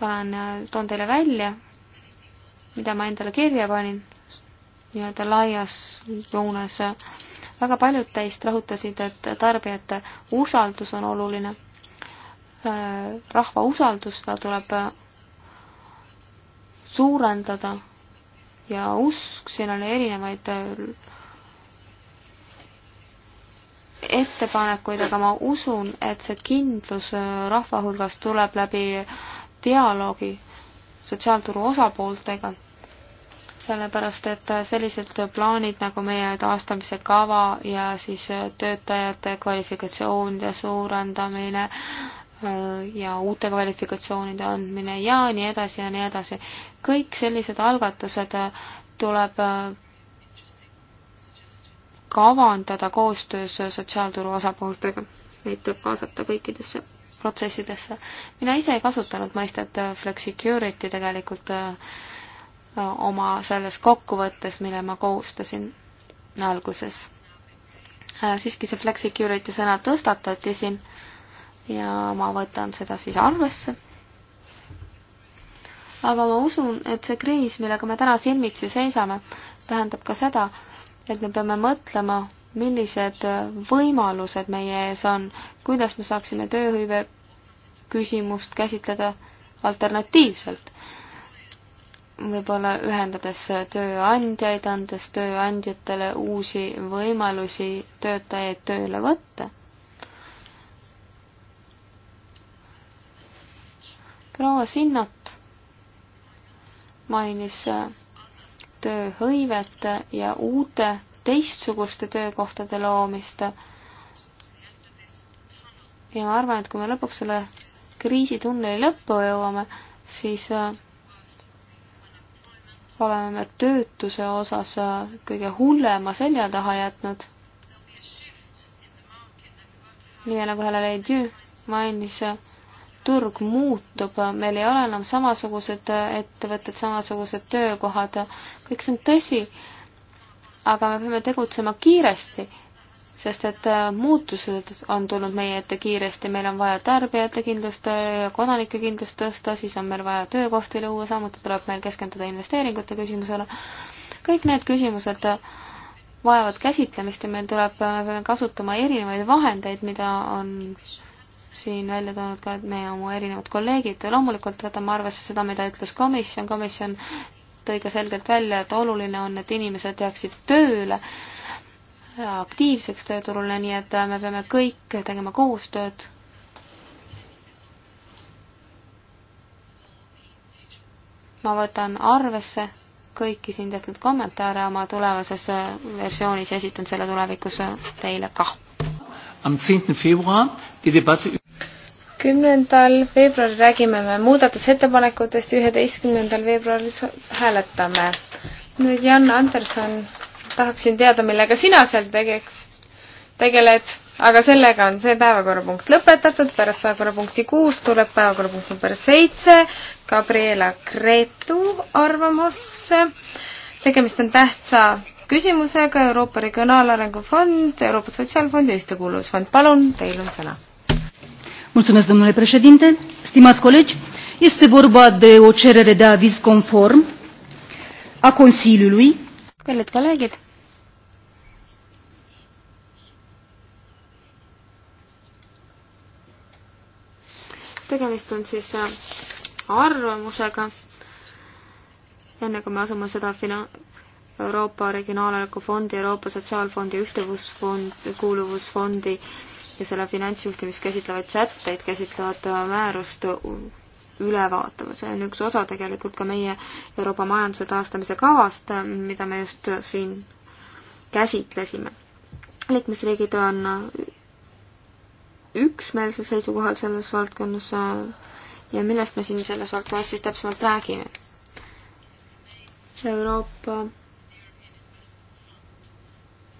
panen, toon teile välja, mida ma endale kirja panin nii-öelda laias joones väga paljud teist rõhutasid, et tarbijate usaldus on oluline. Äh, rahva usaldust tuleb äh, suurendada ja usk, siin oli erinevaid äh, ettepanekuid, aga ma usun, et see kindlus rahva hulgas tuleb läbi dialoogi sotsiaalturu osapooltega sellepärast et sellised plaanid nagu meie taastamise kava ja siis töötajate kvalifikatsioonide suurendamine äh, ja uute kvalifikatsioonide andmine ja nii edasi ja nii edasi. kõik sellised algatused tuleb äh, kavandada koostöös sotsiaalturu osapooltega. Neid tuleb kaasata kõikidesse protsessidesse. mina ise ei kasutanud mõistet äh, flexicurity tegelikult äh, oma selles kokkuvõttes, mille ma koostasin alguses. Äh, siiski see flex security sõna tõstatati siin ja ma võtan seda siis arvesse. aga ma usun, et see kriis, millega me täna silmitsi seisame, tähendab ka seda, et me peame mõtlema, millised võimalused meie ees on, kuidas me saaksime tööhõive küsimust käsitleda alternatiivselt võib-olla ühendades tööandjaid, andes tööandjatele uusi võimalusi töötajaid tööle võtta. proua Sinnot mainis tööhõivet ja uute teistsuguste töökohtade loomist. ja ma arvan, et kui me lõpuks selle kriisitunneli lõppu jõuame, siis äh, oleme me töötuse osas äh, kõige hullema selja taha jätnud. nii nagu härra Leidjü mainis, turg muutub, meil ei ole enam samasugused äh, ettevõtted, samasugused töökohad, kõik see on tõsi, aga me peame tegutsema kiiresti sest et äh, muutused on tulnud meie ette kiiresti, meil on vaja tarbijate kindlust ja äh, kodanike kindlust tõsta, siis on meil vaja töökohti luua, samuti tuleb meil keskenduda investeeringute küsimusele. kõik need küsimused äh, vajavad käsitlemist ja meil tuleb, me peame kasutama erinevaid vahendeid, mida on siin välja toonud ka meie oma erinevad kolleegid. loomulikult võtame arvesse seda, mida ütles komisjon, komisjon tõi ka selgelt välja, et oluline on, et inimesed jääksid tööle aktiivseks tööturule, nii et me peame kõik tegema koostööd. ma võtan arvesse kõiki siin tehtud kommentaare oma tulevases versioonis ja esitan selle tulevikus teile kah. kümnendal veebruaril räägime me muudatusettepanekutest, üheteistkümnendal veebruaril hääletame. nüüd Jan Anderson tahaksin teada, millega sina seal tegeks, tegeled, aga sellega on see päevakorrapunkt lõpetatud, pärast päevakorrapunkti kuus tuleb päevakorrapunkt number seitse, Gabriela Gretu arvamus. tegemist on tähtsa küsimusega Euroopa Regionaalarengu Fond, Euroopa Sotsiaalfond ja Ühtekuuluvusfond. palun, teil on sõna. Mulțumesc, domnule președinte. Stimați colegi, este vorba de o cerere de aviz conform a Consiliului kallid kolleegid. tegemist on siis äh, arvamusega, enne kui me asume seda fina-, Euroopa Regionaalarengu Fondi, Euroopa Sotsiaalfondi, Ühtevusfond, Kuuluvusfondi ja selle finantsjuhtimist käsitlevaid sätteid käsitlevat äh, määrust üle vaatama, see on üks osa tegelikult ka meie Euroopa majanduse taastamise kavast, mida me just siin käsitlesime. liikmesriigid on üksmeelsel seisukohal selles valdkonnas ja millest me siin selles valdkonnas siis täpsemalt räägime? Euroopa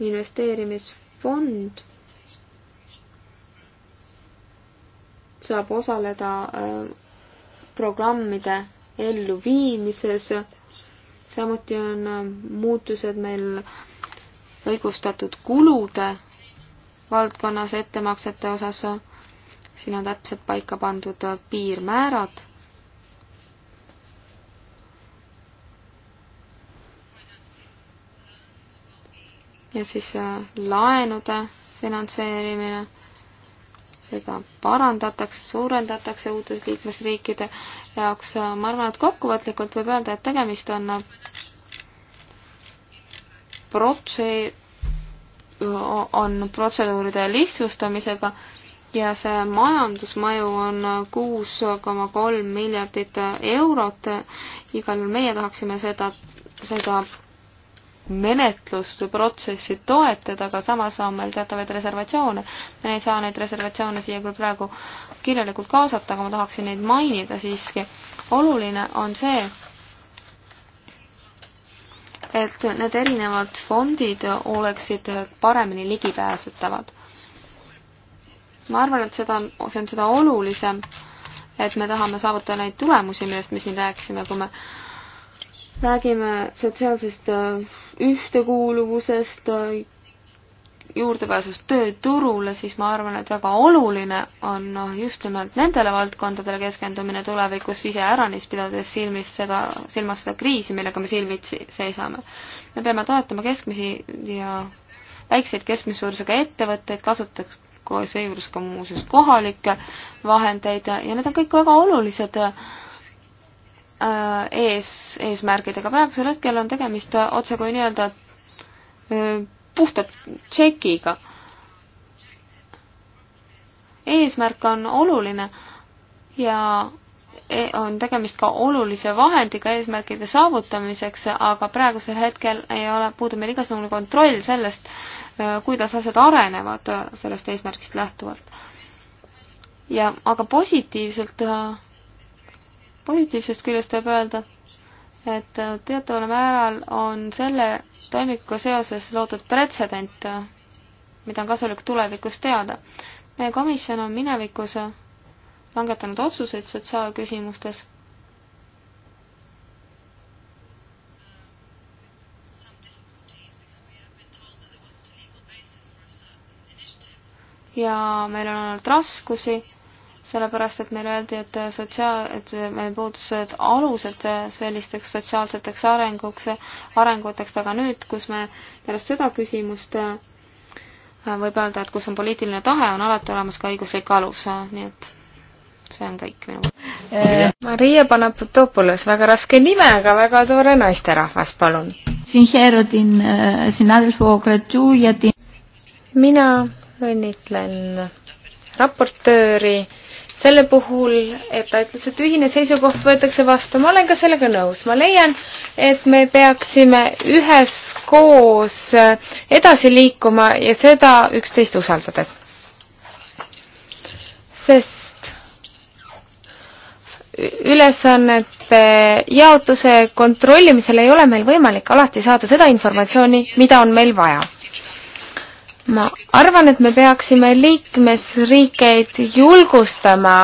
investeerimisfond saab osaleda äh, programmide elluviimises. samuti on äh, muutused meil õigustatud kulude valdkonnas ettemaksete osas. siin on täpselt paika pandud äh, piirmäärad. ja siis äh, laenude finantseerimine seda parandatakse, suurendatakse uutes liikmesriikide jaoks. ma arvan, et kokkuvõtlikult võib öelda, et tegemist on protse-, on protseduuride lihtsustamisega ja see majandusmaju on kuus koma kolm miljardit eurot. igal juhul meie tahaksime seda, seda menetlust või protsessi toetada, aga samas on meil teatavaid reservatsioone. me ei saa neid reservatsioone siia küll praegu kirjalikult kaasata, aga ma tahaksin neid mainida siiski. oluline on see, et need erinevad fondid oleksid paremini ligipääsetavad. ma arvan, et seda, see on seda olulisem, et me tahame saavutada neid tulemusi, millest me siin rääkisime, kui me räägime sotsiaalsest äh, ühtekuuluvusest, äh, juurdepääsust tööturule, siis ma arvan, et väga oluline on äh, just nimelt nendele valdkondadele keskendumine tulevikus iseäranis, pidades silmis seda, silmas seda kriisi, millega me silmitsi seisame. me peame toetama keskmisi ja väikseid keskmise suurusega ettevõtteid, kasutaks seejuures ka muuseas kohalikke vahendeid ja need on kõik väga olulised Äh, ees, eesmärgidega. praegusel hetkel on tegemist otsekui nii-öelda äh, puhta tšekiga. eesmärk on oluline ja e, on tegemist ka olulise vahendiga eesmärkide saavutamiseks, aga praegusel hetkel ei ole, puudub meil igasugune kontroll sellest, äh, kuidas asjad arenevad sellest eesmärgist lähtuvalt. ja aga positiivselt äh, positiivsest küljest võib öelda, et teataval määral on selle toimikuga seoses loodud pretsedent, mida on kasulik tulevikus teada. meie komisjon on minevikus langetanud otsuseid sotsiaalküsimustes ja meil on olnud raskusi sellepärast et meile öeldi, et sotsiaal, et meil puudusid alused sellisteks sotsiaalseteks arenguks, arenguteks, aga nüüd, kus me pärast seda küsimust äh, võib öelda, et kus on poliitiline tahe, on alati olemas ka õiguslik alus, äh, nii et see on kõik minu poolt. Äh, Maria Panapotopoulos, väga raske nime, aga väga tore naisterahvas, palun. mina õnnitlen raportööri selle puhul, et ta ütles, et ühine seisukoht võetakse vastu, ma olen ka sellega nõus, ma leian, et me peaksime üheskoos edasi liikuma ja seda üksteist usaldades. sest ülesannete jaotuse kontrollimisel ei ole meil võimalik alati saada seda informatsiooni, mida on meil vaja ma arvan, et me peaksime liikmesriikeid julgustama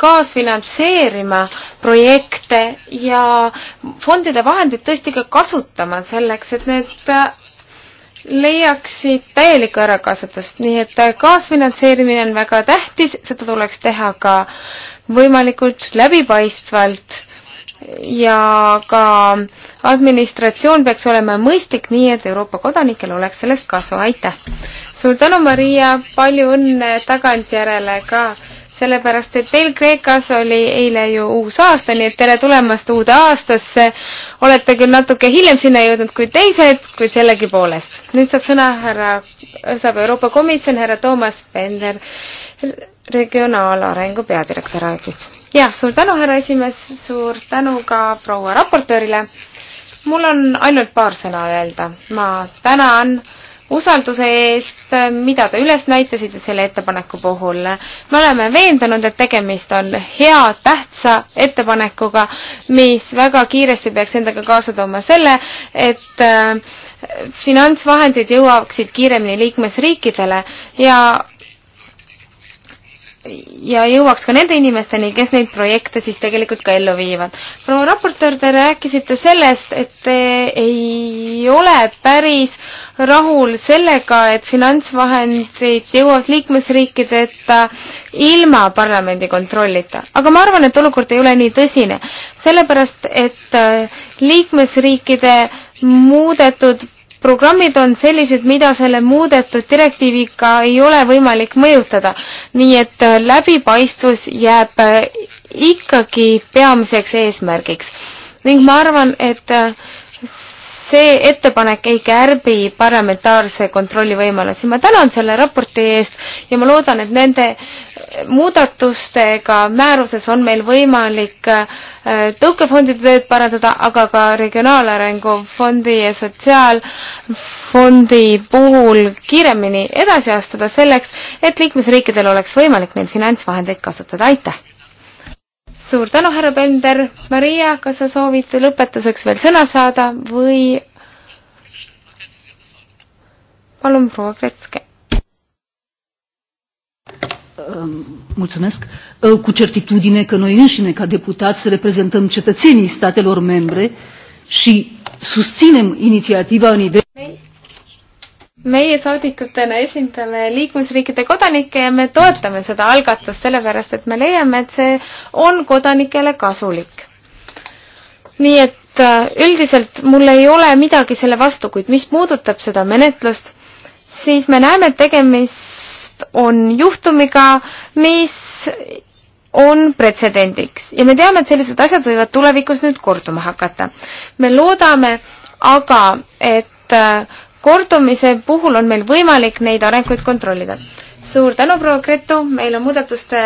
kaasfinantseerima projekte ja fondide vahendid tõesti ka kasutama selleks, et need äh, leiaksid täielikku ärakasutust, nii et äh, kaasfinantseerimine on väga tähtis, seda tuleks teha ka võimalikult läbipaistvalt ja ka administratsioon peaks olema mõistlik, nii et Euroopa kodanikel oleks sellest kasu, aitäh! suur tänu, Maria, palju õnne tagantjärele ka, sellepärast et teil Kreekas oli eile ju uus aasta, nii et tere tulemast uude aastasse. olete küll natuke hiljem sinna jõudnud kui teised, kuid sellegipoolest. nüüd saab sõna härra, saab Euroopa Komisjon härra Toomas Pender, regionaalarengu peadirektoraadist. jah, suur tänu, härra esimees, suur tänu ka proua raportöörile mul on ainult paar sõna öelda. ma tänan usalduse eest, mida te üles näitasite selle ettepaneku puhul. me oleme veendunud, et tegemist on hea, tähtsa ettepanekuga, mis väga kiiresti peaks endaga kaasa tooma selle, et äh, finantsvahendid jõuaksid kiiremini liikmesriikidele ja ja jõuaks ka nende inimesteni, kes neid projekte siis tegelikult ka ellu viivad. proua raportöör, te rääkisite sellest, et te ei ole päris rahul sellega, et finantsvahendid jõuavad liikmesriikideta ilma parlamendi kontrollita. aga ma arvan, et olukord ei ole nii tõsine, sellepärast et liikmesriikide muudetud programmid on sellised, mida selle muudetud direktiiviga ei ole võimalik mõjutada. nii et äh, läbipaistvus jääb äh, ikkagi peamiseks eesmärgiks. ning ma arvan, et äh, see ettepanek ei kärbi parlamentaarse kontrolli võimalusi. ma tänan selle raporti eest ja ma loodan, et nende muudatustega määruses on meil võimalik äh, tõukefondide tööd parandada, aga ka Regionaalarengu fondi ja Sotsiaalfondi puhul kiiremini edasi astuda selleks, et liikmesriikidel oleks võimalik neid finantsvahendeid kasutada. aitäh! suur tänu, härra Bender. Maria, kas sa soovid lõpetuseks veel sõna saada või? palun, proua Kretske. Ehm, mulțumesc. Ehm, cu certitudine că noi înșine, ca deputați, reprezentăm cetățenii statelor membre și susținem inițiativa unei... Meil meie saadikutena esindame liikmesriikide kodanikke ja me toetame seda algatust sellepärast, et me leiame, et see on kodanikele kasulik. nii et äh, üldiselt mul ei ole midagi selle vastu, kuid mis puudutab seda menetlust, siis me näeme, et tegemist on juhtumiga, mis on pretsedendiks ja me teame, et sellised asjad võivad tulevikus nüüd korduma hakata. me loodame aga, et äh, kordumise puhul on meil võimalik neid arenguid kontrollida. suur tänu, proua Gretu, meil on muudatuste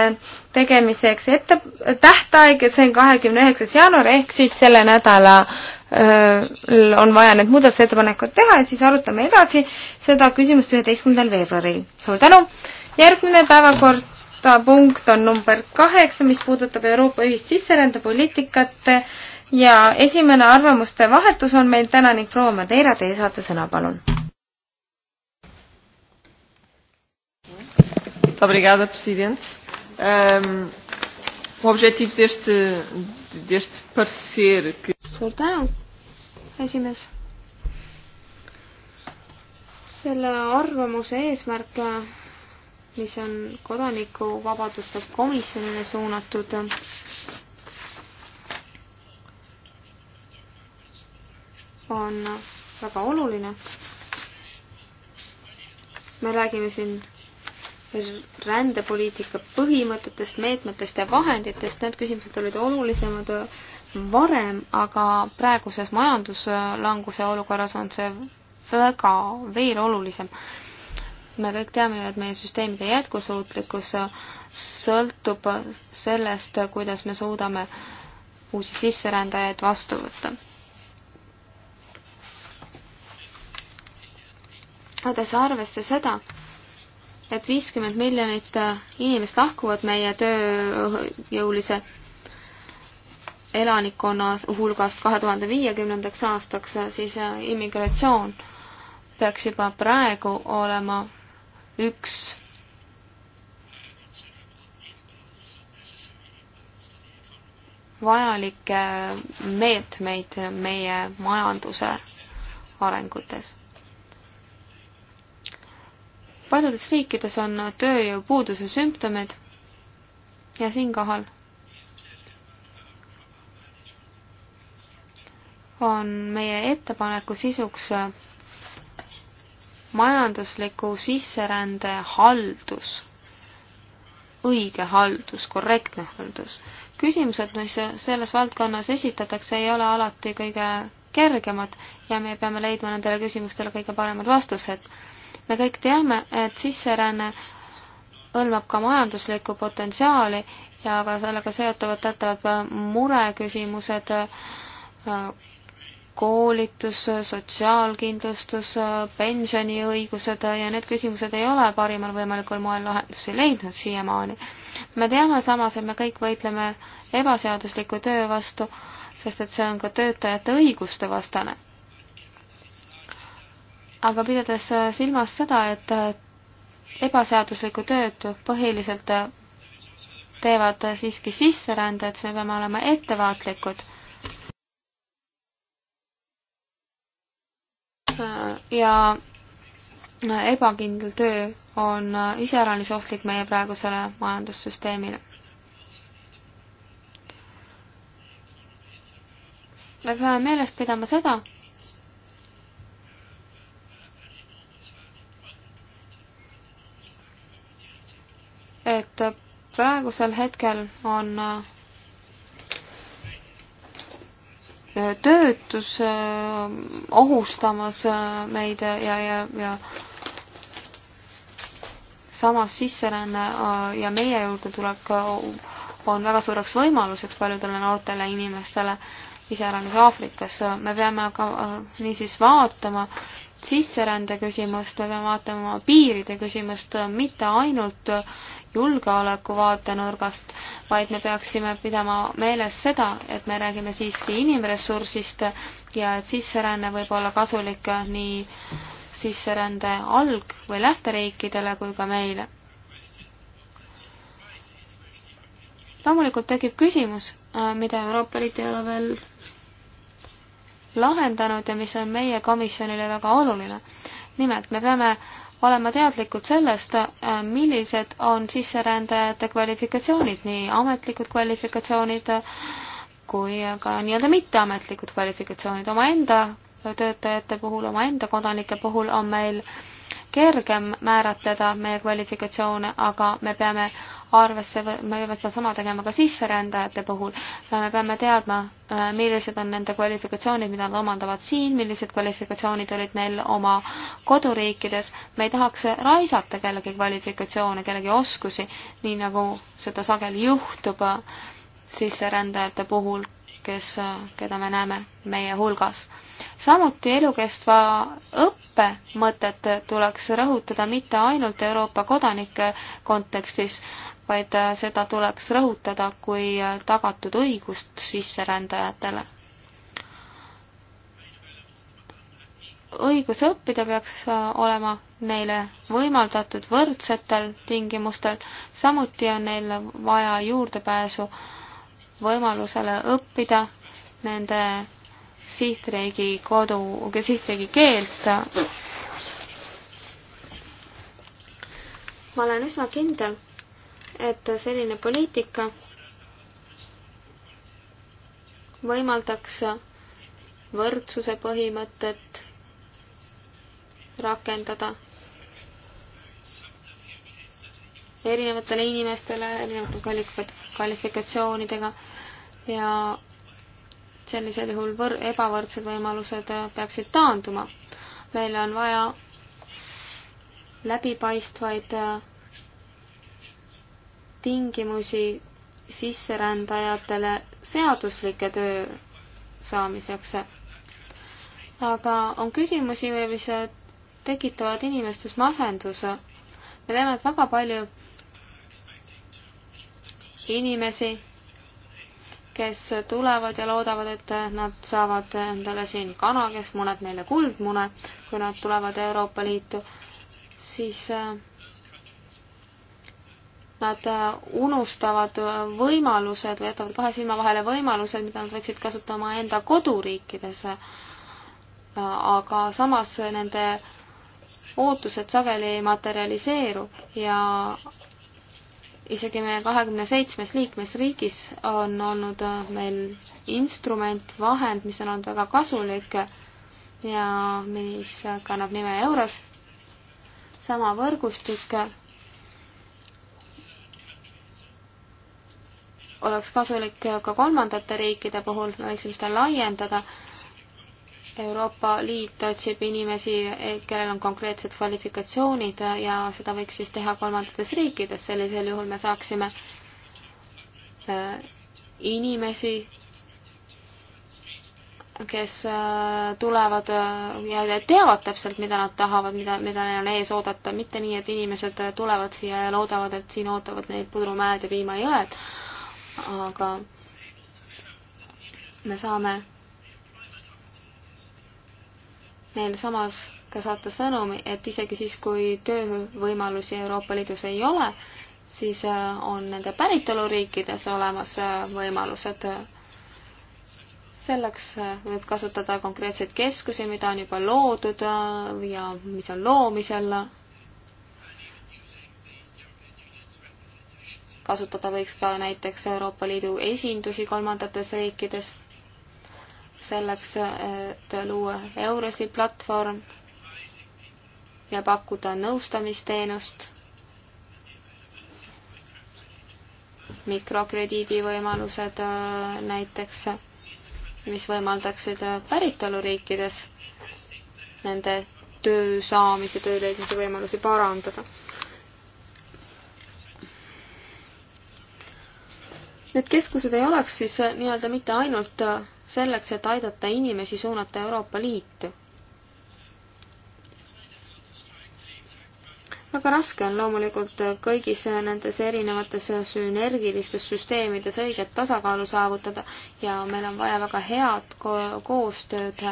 tegemiseks ette, tähtaeg ja see on kahekümne üheksas jaanuar ehk siis selle nädala öö, on vaja need muudatusettepanekud teha ja siis arutame edasi seda küsimust üheteistkümnendal veebruaril. suur tänu! järgmine päevakorrapunkt on number kaheksa, mis puudutab Euroopa ühist sisserändepoliitikat ja esimene arvamuste vahetus on meil täna ning proua Madeira, teie saate sõna, palun. Obrigada, president um,. Ehm, o objetivo deste, deste parecer que. Suur tänu, esimees. selle arvamuse eesmärk, mis on kodanikuvabaduste komisjonile suunatud, on väga oluline. me räägime siin rändepoliitika põhimõtetest, meetmetest ja vahenditest, need küsimused olid olulisemad varem, aga praeguses majanduslanguse olukorras on see väga veel olulisem. me kõik teame ju, et meie süsteemide jätkusuutlikkus sõltub sellest, kuidas me suudame uusi sisserändajaid vastu võtta võttes arvesse seda, et viiskümmend miljonit äh, inimest lahkuvad meie tööjõulise elanikkonna hulgast kahe tuhande viiekümnendaks aastaks, äh, siis äh, immigratsioon peaks juba praegu olema üks vajalikke meetmeid meie majanduse arengutes paljudes riikides on tööjõupuuduse sümptomid ja siinkohal on meie ettepaneku sisuks majandusliku sisserände haldus, õige haldus, korrektne haldus. küsimused, mis selles valdkonnas esitatakse, ei ole alati kõige kergemad ja me peame leidma nendele küsimustele kõige paremad vastused me kõik teame, et sisseränne hõlmab ka majanduslikku potentsiaali ja ka sellega seotuvad teatavad äh, mureküsimused, äh, koolitus, sotsiaalkindlustus, äh, pensioniõigused ja need küsimused ei ole parimal võimalikul moel lahendusi leidnud siiamaani. me teame samas, et me kõik võitleme ebaseadusliku töö vastu, sest et see on ka töötajate õiguste vastane aga pidades äh, silmas seda, et äh, ebaseaduslikku tööd põhiliselt äh, teevad siiski sisserändajad, siis me peame olema ettevaatlikud. ja ebakindel töö on iseäranis ohtlik meie praegusele majandussüsteemile. me peame meeles pidama seda, et praegusel hetkel on äh, töötus äh, ohustamas äh, meid ja, ja, ja samas sisseränne ja meie juurde tulek on väga suureks võimaluseks paljudele noortele inimestele, iseäranis Aafrikas. me peame aga niisiis vaatama, sisserände küsimust, me peame vaatama oma piiride küsimust, mitte ainult julgeoleku vaatenurgast, vaid me peaksime pidama meeles seda, et me räägime siiski inimressursist ja et sisseränne võib olla kasulik nii sisserände alg- või lähteriikidele kui ka meile. loomulikult tekib küsimus, äh, mida Euroopa Liit ei ole veel lahendanud ja mis on meie komisjonile väga oluline. nimelt me peame olema teadlikud sellest, äh, millised on sisserändajate kvalifikatsioonid, nii ametlikud kvalifikatsioonid äh, kui ka nii-öelda mitteametlikud kvalifikatsioonid. omaenda töötajate puhul, omaenda kodanike puhul on meil kergem määratleda meie kvalifikatsioone, aga me peame arvesse, me peame sedasama tegema ka sisserändajate puhul. me peame teadma, äh, millised on nende kvalifikatsioonid, mida nad omandavad siin, millised kvalifikatsioonid olid neil oma koduriikides. me ei tahaks raisata kellegi kvalifikatsioone, kellegi oskusi, nii nagu seda sageli juhtub äh, sisserändajate puhul, kes, äh, keda me näeme meie hulgas. samuti elukestva õppe mõtet tuleks rõhutada mitte ainult Euroopa kodanike kontekstis, vaid äh, seda tuleks rõhutada kui äh, tagatud õigust sisserändajatele. õigus õppida peaks äh, olema neile võimaldatud võrdsetel tingimustel, samuti on neil vaja juurdepääsu võimalusele õppida nende sihtriigi kodu, sihtriigi keelt. ma olen üsna kindel et selline poliitika võimaldaks võrdsuse põhimõtet rakendada erinevatele inimestele erinevate kvalifikatsioonidega ja sellisel juhul võr-, ebavõrdsed võimalused peaksid taanduma. meil on vaja läbipaistvaid tingimusi sisserändajatele seaduslike töö saamiseks. aga on küsimusi, mis tekitavad inimestes masenduse. me teame, et väga palju inimesi, kes tulevad ja loodavad, et nad saavad endale siin kana, kes muneb neile kuldmune, kui nad tulevad Euroopa Liitu, siis äh, nad äh, unustavad äh, võimalused või jätavad kahe silma vahele võimalused, mida nad võiksid kasutada omaenda koduriikides. Äh, aga samas nende ootused sageli ei materialiseeru ja isegi meie kahekümne seitsmes liikmesriigis on olnud meil instrument, vahend, mis on olnud väga kasulik ja mis kannab nime EURES, sama võrgustik oleks kasulik ka kolmandate riikide puhul, me võiksime seda laiendada. Euroopa Liit otsib inimesi, kellel on konkreetsed kvalifikatsioonid ja seda võiks siis teha kolmandates riikides, sellisel juhul me saaksime äh, inimesi, kes äh, tulevad äh, ja teavad täpselt, mida nad tahavad, mida, mida neil on ees oodata, mitte nii, et inimesed tulevad siia ja loodavad, et siin ootavad neid pudrumäed ja piimajõed aga me saame neil samas ka saata sõnumi, et isegi siis, kui töövõimalusi Euroopa Liidus ei ole, siis äh, on nende päritoluriikides olemas äh, võimalused. selleks äh, võib kasutada konkreetseid keskusi, mida on juba loodud ja mis on loomisel kasutada võiks ka näiteks Euroopa Liidu esindusi kolmandates riikides, selleks, et luua Euresi platvorm ja pakkuda nõustamisteenust, mikrokrediidivõimalused äh, näiteks, mis võimaldaksid äh, päritoluriikides nende töö saamise, töö leidmise võimalusi parandada Need keskused ei oleks siis äh, nii-öelda mitte ainult äh, selleks, et aidata inimesi suunata Euroopa Liitu. väga raske on loomulikult äh, kõigis nendes erinevates sünergilistes süsteemides õiget tasakaalu saavutada ja meil on vaja väga head ko koostööd.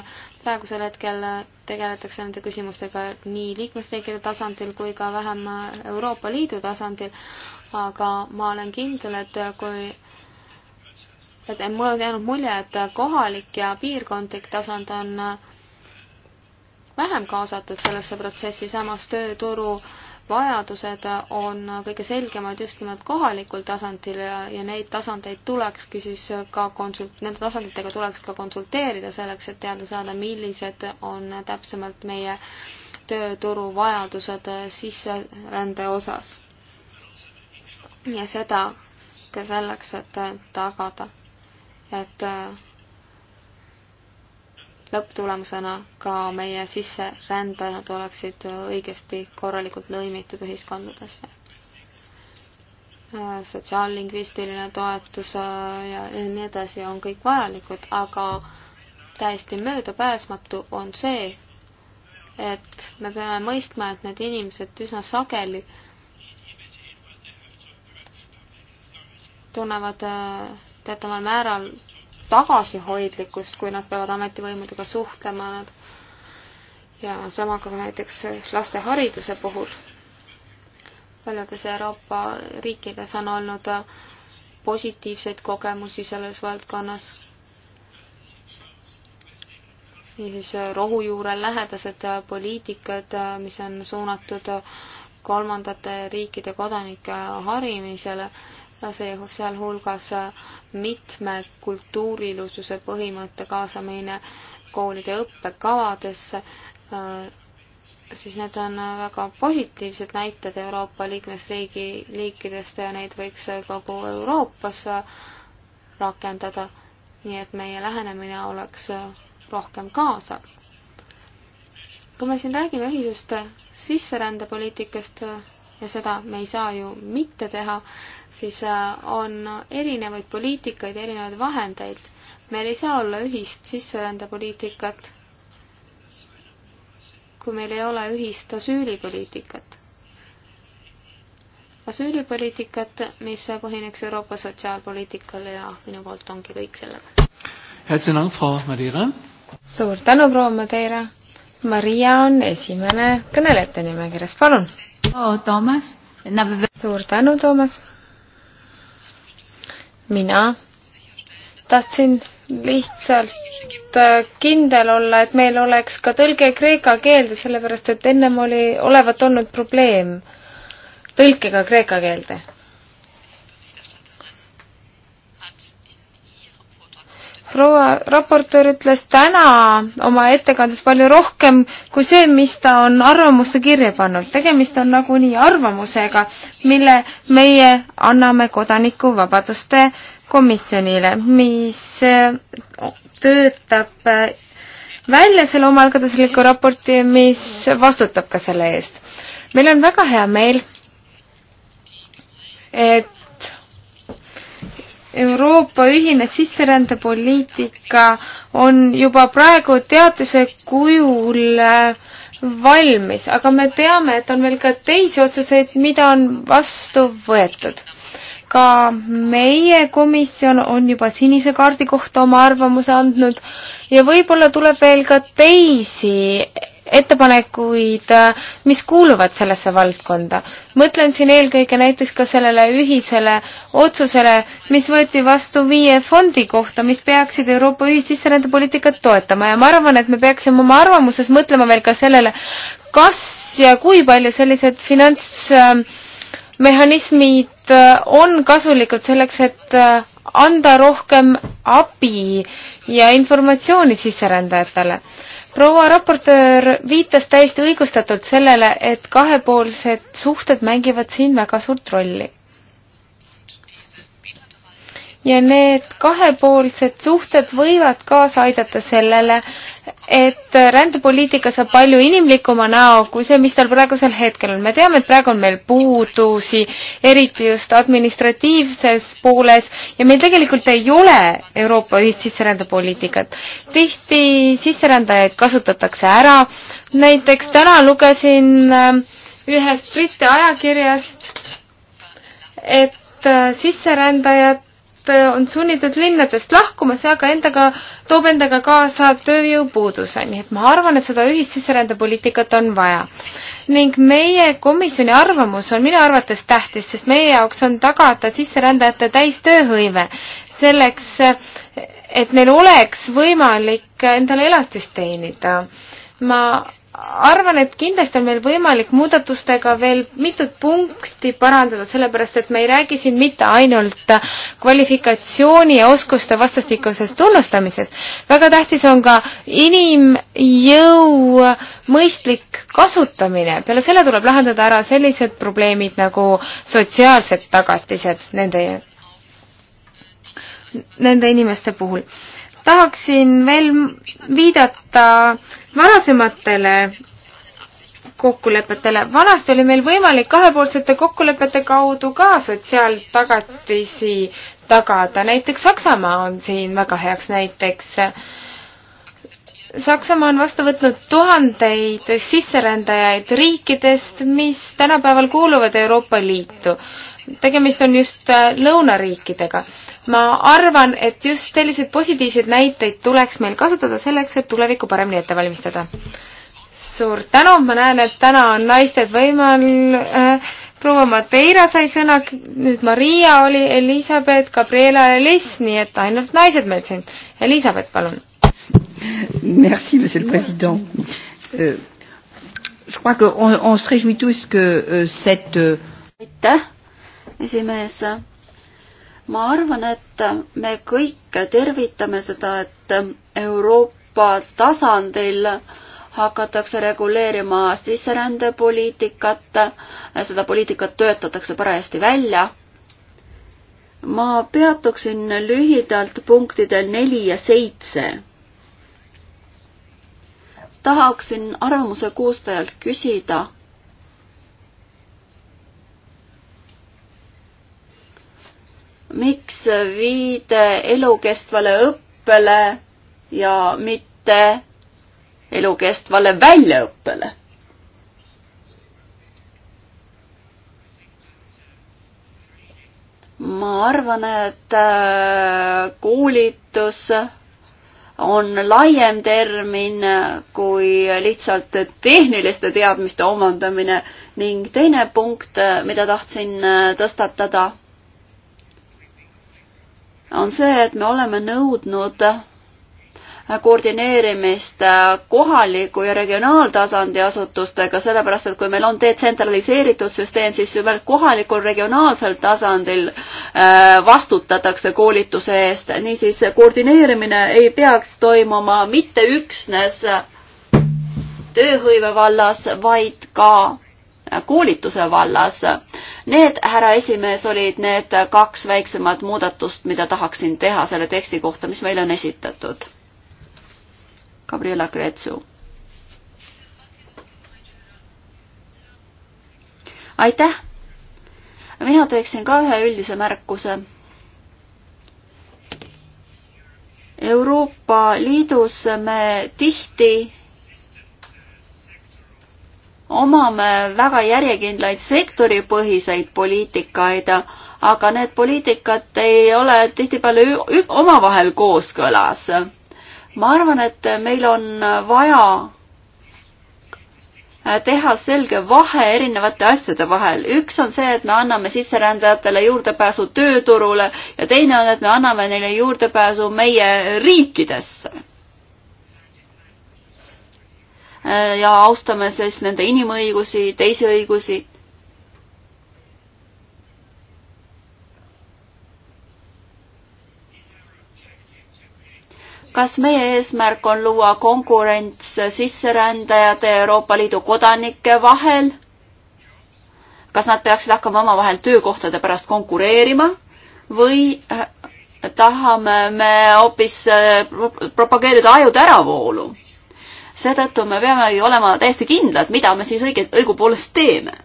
praegusel hetkel tegeletakse nende küsimustega nii liikmesriikide tasandil kui ka vähem Euroopa Liidu tasandil, aga ma olen kindel, et kui et mul on jäänud mulje, et kohalik ja piirkondlik tasand on vähem kaasatud sellesse protsessi, samas tööturu vajadused on kõige selgemad just nimelt kohalikul tasandil ja, ja neid tasandeid tulekski siis ka konsult-, nende tasanditega tuleks ka konsulteerida selleks, et teada saada, millised on täpsemalt meie tööturu vajadused sisserände osas. ja seda ka selleks, et tagada et äh, lõpptulemusena ka meie sisserändajad oleksid õigesti korralikult lõimitud ühiskondadesse. Äh, sotsiaallingvistiline toetus äh, ja nii edasi on kõik vajalikud, aga täiesti möödapääsmatu on see, et me peame mõistma, et need inimesed üsna sageli tunnevad äh, teataval määral tagasihoidlikkust, kui nad peavad ametivõimudega suhtlema, nad ja sama ka näiteks laste hariduse puhul. paljudes Euroopa riikides on olnud positiivseid kogemusi selles valdkonnas. niisiis rohujuurel lähedased poliitikad, mis on suunatud kolmandate riikide kodanike harimisele see sealhulgas mitmekultuurilisuse põhimõtte kaasamine koolide õppekavadesse, siis need on väga positiivsed näited Euroopa liikmesriigi liikidest ja neid võiks kogu Euroopas rakendada, nii et meie lähenemine oleks rohkem kaasav. kui me siin räägime ühisest sisserändepoliitikast ja seda me ei saa ju mitte teha, siis äh, on erinevaid poliitikaid, erinevaid vahendeid. meil ei saa olla ühist sisserändepoliitikat, kui meil ei ole ühist asüülipoliitikat. asüülipoliitikat, mis põhineks Euroopa sotsiaalpoliitikal ja minu poolt ongi kõik sellega. suur tänu, proua Madeira. Maria on esimene kõnelejate nimekirjas, palun. suur tänu, Toomas mina tahtsin lihtsalt äh, kindel olla, et meil oleks ka tõlge kreeka keelde, sellepärast et ennem oli, olevat olnud probleem tõlkega kreeka keelde proua raportöör ütles täna oma ettekandes palju rohkem kui see, mis ta on arvamusse kirja pannud. tegemist on nagunii arvamusega, mille meie anname kodanikuvabaduste komisjonile, mis eh, töötab eh, välja selle omaalgatusliku raporti, mis vastutab ka selle eest. meil on väga hea meel, et Euroopa ühine sisserändepoliitika on juba praegu teatise kujul äh, valmis, aga me teame, et on veel ka teisi otsuseid, mida on vastu võetud. ka meie komisjon on juba sinise kaardi kohta oma arvamuse andnud ja võib-olla tuleb veel ka teisi ettepanekuid, äh, mis kuuluvad sellesse valdkonda. mõtlen siin eelkõige näiteks ka sellele ühisele otsusele, mis võeti vastu viie fondi kohta, mis peaksid Euroopa ühist sisserändepoliitikat toetama ja ma arvan, et me peaksime oma arvamuses mõtlema veel ka sellele, kas ja kui palju sellised finantsmehhanismid äh, on kasulikud selleks, et äh, anda rohkem abi ja informatsiooni sisserändajatele proua raportöör viitas täiesti õigustatult sellele, et kahepoolsed suhted mängivad siin väga suurt rolli ja need kahepoolsed suhted võivad kaasa aidata sellele, et rändepoliitika saab palju inimlikuma näo kui see, mis tal praegusel hetkel on. me teame, et praegu on meil puudusi, eriti just administratiivses pooles ja meil tegelikult ei ole Euroopa ühist sisserändepoliitikat. tihti sisserändajaid kasutatakse ära, näiteks täna lugesin äh, ühest Briti ajakirjast, et äh, sisserändajad Äh, on sunnitud linnadest lahkuma, see aga endaga, toob endaga kaasa tööjõupuuduse, nii et ma arvan, et seda ühist sisserändepoliitikat on vaja. ning meie komisjoni arvamus on minu arvates tähtis, sest meie jaoks on tagada sisserändajate täistööhõive selleks, et neil oleks võimalik endale elatist teenida. ma arvan, et kindlasti on meil võimalik muudatustega veel mitut punkti parandada, sellepärast et me ei räägi siin mitte ainult kvalifikatsiooni ja oskuste vastastikusest tunnustamisest. väga tähtis on ka inimjõu mõistlik kasutamine. peale selle tuleb lahendada ära sellised probleemid nagu sotsiaalsed tagatised nende, nende inimeste puhul tahaksin veel viidata varasematele kokkulepetele. vanasti oli meil võimalik kahepoolsete kokkulepete kaudu ka sotsiaaltagatisi tagada, näiteks Saksamaa on siin väga heaks näiteks. Saksamaa on vastu võtnud tuhandeid sisserändajaid riikidest, mis tänapäeval kuuluvad Euroopa Liitu tegemist on just äh, lõunariikidega. ma arvan, et just selliseid positiivseid näiteid tuleks meil kasutada selleks, et tulevikku paremini ette valmistada. suur tänu, ma näen, et täna on naistel võimal- äh, proua Mateira sai sõna, nüüd Maria oli, Elizabeth, Gabriela ja Liis, nii et ainult naised meil siin. Elizabeth, palun. Merci, monsieur le president euh,. Je crois qu'on on se réjouit tous que euh, cette euh... aitäh, esimees. ma arvan, et me kõik tervitame seda, et Euroopa tasandil hakatakse reguleerima sisserändepoliitikat, seda poliitikat töötatakse parajasti välja. ma peatuksin lühidalt punktidel neli ja seitse. tahaksin arvamuse koostajalt küsida miks viide elukestvale õppele ja mitte elukestvale väljaõppele? ma arvan, et äh, koolitus on laiem termin kui lihtsalt tehniliste teadmiste omandamine ning teine punkt, mida tahtsin äh, tõstatada on see, et me oleme nõudnud koordineerimist kohaliku ja regionaaltasandi asutustega, sellepärast et kui meil on detsentraliseeritud süsteem, siis ju veel kohalikul regionaalsel tasandil äh, vastutatakse koolituse eest, niisiis koordineerimine ei peaks toimuma mitte üksnes tööhõive vallas, vaid ka koolituse vallas. Need, härra esimees, olid need kaks väiksemat muudatust, mida tahaksin teha selle teksti kohta, mis meile on esitatud. Gabriela Gretsu. aitäh! mina teeksin ka ühe üldise märkuse. Euroopa Liidus me tihti omame väga järjekindlaid sektoripõhiseid poliitikaid, aga need poliitikad ei ole tihtipeale omavahel kooskõlas. ma arvan, et meil on vaja teha selge vahe erinevate asjade vahel. üks on see, et me anname sisserändajatele juurdepääsu tööturule ja teine on, et me anname neile juurdepääsu meie riikidesse Äh, ja austame siis nende inimõigusi, teisi õigusi. kas meie eesmärk on luua konkurents sisserändajate ja Euroopa Liidu kodanike vahel? kas nad peaksid hakkama omavahel töökohtade pärast konkureerima või äh, tahame me hoopis äh, propageerida ajude äravoolu? seetõttu me peamegi olema täiesti kindlad, mida me siis õige, õigupoolest teeme.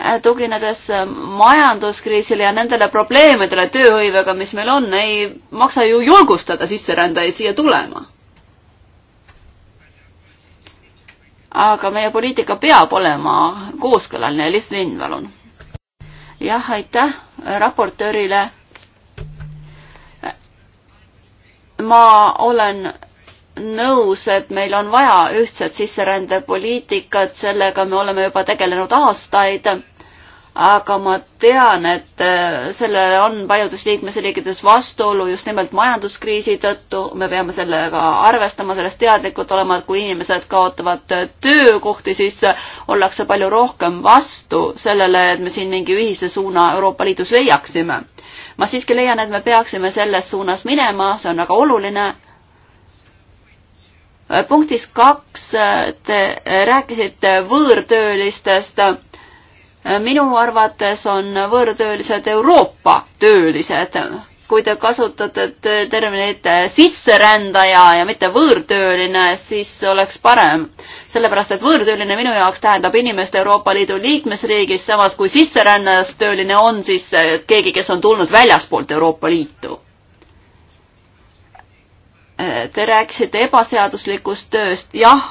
Äh, tuginedes äh, majanduskriisile ja nendele probleemidele tööhõivega, mis meil on, ei maksa ju julgustada sisserändajaid siia tulema. aga meie poliitika peab olema kooskõlaline, Liis Lind, palun. jah, aitäh raportöörile ma olen nõus, et meil on vaja ühtset sisserändepoliitikat, sellega me oleme juba tegelenud aastaid, aga ma tean, et äh, sellele on paljudes liikmesriikides vastuolu just nimelt majanduskriisi tõttu, me peame sellega arvestama, sellest teadlikud olema, et kui inimesed kaotavad äh, töökohti, siis äh, ollakse palju rohkem vastu sellele, et me siin mingi ühise suuna Euroopa Liidus leiaksime ma siiski leian, et me peaksime selles suunas minema, see on väga oluline. punktis kaks te rääkisite võõrtöölistest. minu arvates on võõrtöölised Euroopa töölised kui te kasutate terminit äh, sisserändaja ja mitte võõrtööline, siis oleks parem. sellepärast, et võõrtööline minu jaoks tähendab inimest Euroopa Liidu liikmesriigis, samas kui sisserändajast tööline on siis äh, keegi, kes on tulnud väljaspoolt Euroopa Liitu. Äh, te rääkisite ebaseaduslikust tööst, jah,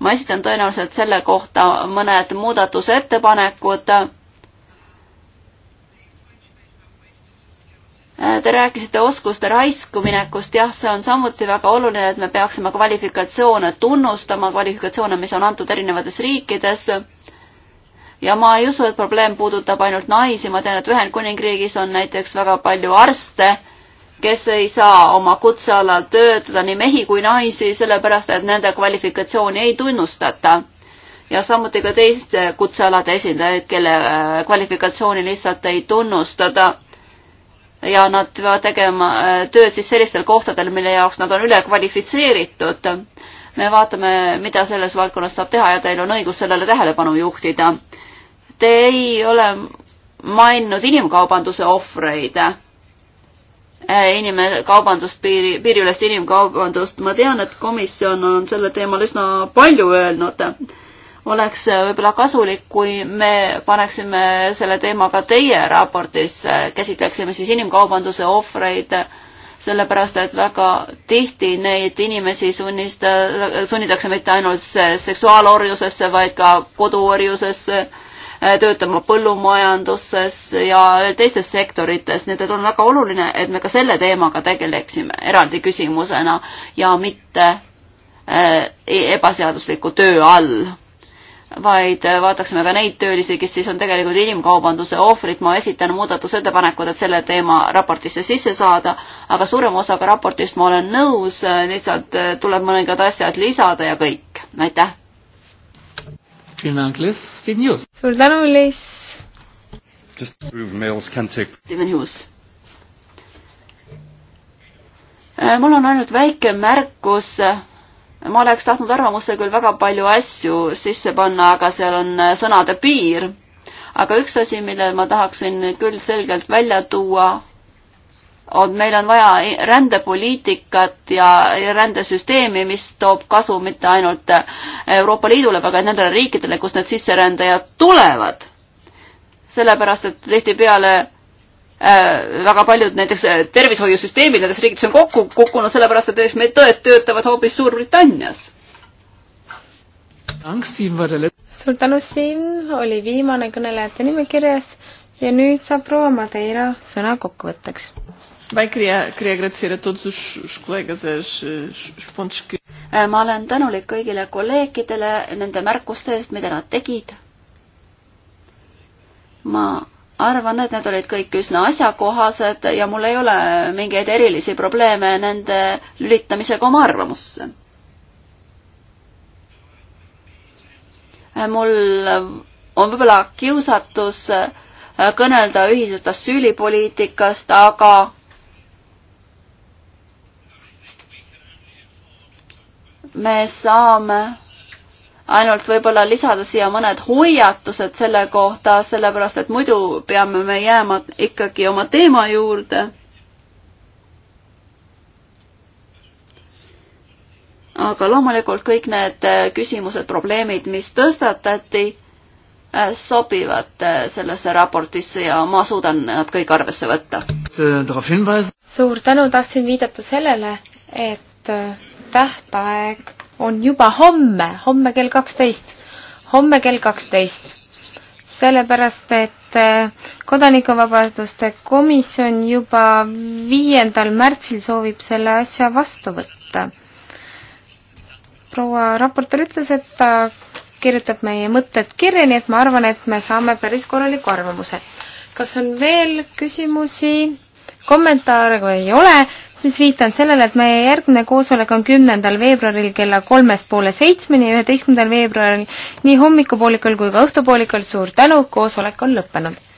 ma esitan tõenäoliselt selle kohta mõned muudatusettepanekud Äh, te rääkisite oskuste raisku minekust, jah, see on samuti väga oluline, et me peaksime kvalifikatsioone tunnustama, kvalifikatsioone, mis on antud erinevates riikides. ja ma ei usu, et probleem puudutab ainult naisi, ma tean, et Ühendkuningriigis on näiteks väga palju arste, kes ei saa oma kutsealal töötada nii mehi kui naisi, sellepärast et nende kvalifikatsiooni ei tunnustata. ja samuti ka teiste kutsealade esindajaid, kelle äh, kvalifikatsiooni lihtsalt ei tunnustada ja nad peavad tegema äh, tööd siis sellistel kohtadel, mille jaoks nad on ülekvalifitseeritud. me vaatame, mida selles valdkonnas saab teha ja teil on õigus sellele tähelepanu juhtida. Te ei ole maininud inimkaubanduse ohvreid äh, inime-, kaubandust, piiri, piiriülest inimkaubandust, ma tean, et komisjon on sellel teemal üsna palju öelnud oleks võib-olla kasulik, kui me paneksime selle teema ka teie raportisse, käsitleksime siis inimkaubanduse ohvreid, sellepärast et väga tihti neid inimesi sunnist-, sunnitakse mitte ainult seksuaalorjusesse, vaid ka koduorjusesse, töötama põllumajanduses ja teistes sektorites, nii et on väga oluline, et me ka selle teemaga tegeleksime eraldi küsimusena ja mitte eh, ebaseadusliku töö all vaid vaataksime ka neid töölisi, kes siis on tegelikult inimkaubanduse ohvrid. ma esitan muudatusettepanekud, et selle teema raportisse sisse saada, aga suurema osaga raportist ma olen nõus, lihtsalt äh, tuleb mõningad asjad lisada ja kõik. aitäh! suur tänu, Liis! Steven Hughes äh, mul on ainult väike märkus ma oleks tahtnud arvamusse küll väga palju asju sisse panna, aga seal on äh, sõnade piir. aga üks asi, mille ma tahaksin küll selgelt välja tuua, on, meil on vaja rändepoliitikat ja rändesüsteemi, mis toob kasu mitte ainult äh, Euroopa Liidule, aga nendele riikidele, kust need sisserändajad tulevad. sellepärast, et tihtipeale Äh, väga paljud näiteks äh, tervishoiusüsteemid nendes riigides on kokku kukkunud, sellepärast et näiteks meie tõed töötavad hoopis Suurbritannias. suur tänu, Siim oli viimane kõnelejate nimekirjas ja nüüd saab proua Madeira sõna kokkuvõtteks. ma olen tänulik kõigile kolleegidele nende märkuste eest, mida nad tegid. ma arvan, et need olid kõik üsna asjakohased ja mul ei ole mingeid erilisi probleeme nende lülitamisega oma arvamusse. mul on võib-olla kiusatus kõnelda ühisest asüülipoliitikast, aga me saame ainult võib-olla lisada siia mõned hoiatused selle kohta, sellepärast et muidu peame me jääma ikkagi oma teema juurde. aga loomulikult kõik need küsimused, probleemid, mis tõstatati, eh, sobivad eh, sellesse raportisse ja ma suudan nad kõik arvesse võtta. Äh, suur tänu, tahtsin viidata sellele, et eh, tähtaeg on juba homme, homme kell kaksteist, homme kell kaksteist. sellepärast, et äh, kodanikuvabaduste komisjon juba viiendal märtsil soovib selle asja vastu võtta. proua raportöör ütles, et ta kirjutab meie mõtted kirja, nii et ma arvan, et me saame päris korraliku arvamuse. kas on veel küsimusi? kommentaare kui ei ole, siis viitan sellele, et meie järgmine koosolek on kümnendal veebruaril kella kolmest poole seitsmeni ja üheteistkümnendal veebruaril nii hommikupoolikul kui ka õhtupoolikul. suur tänu, koosolek on lõppenud.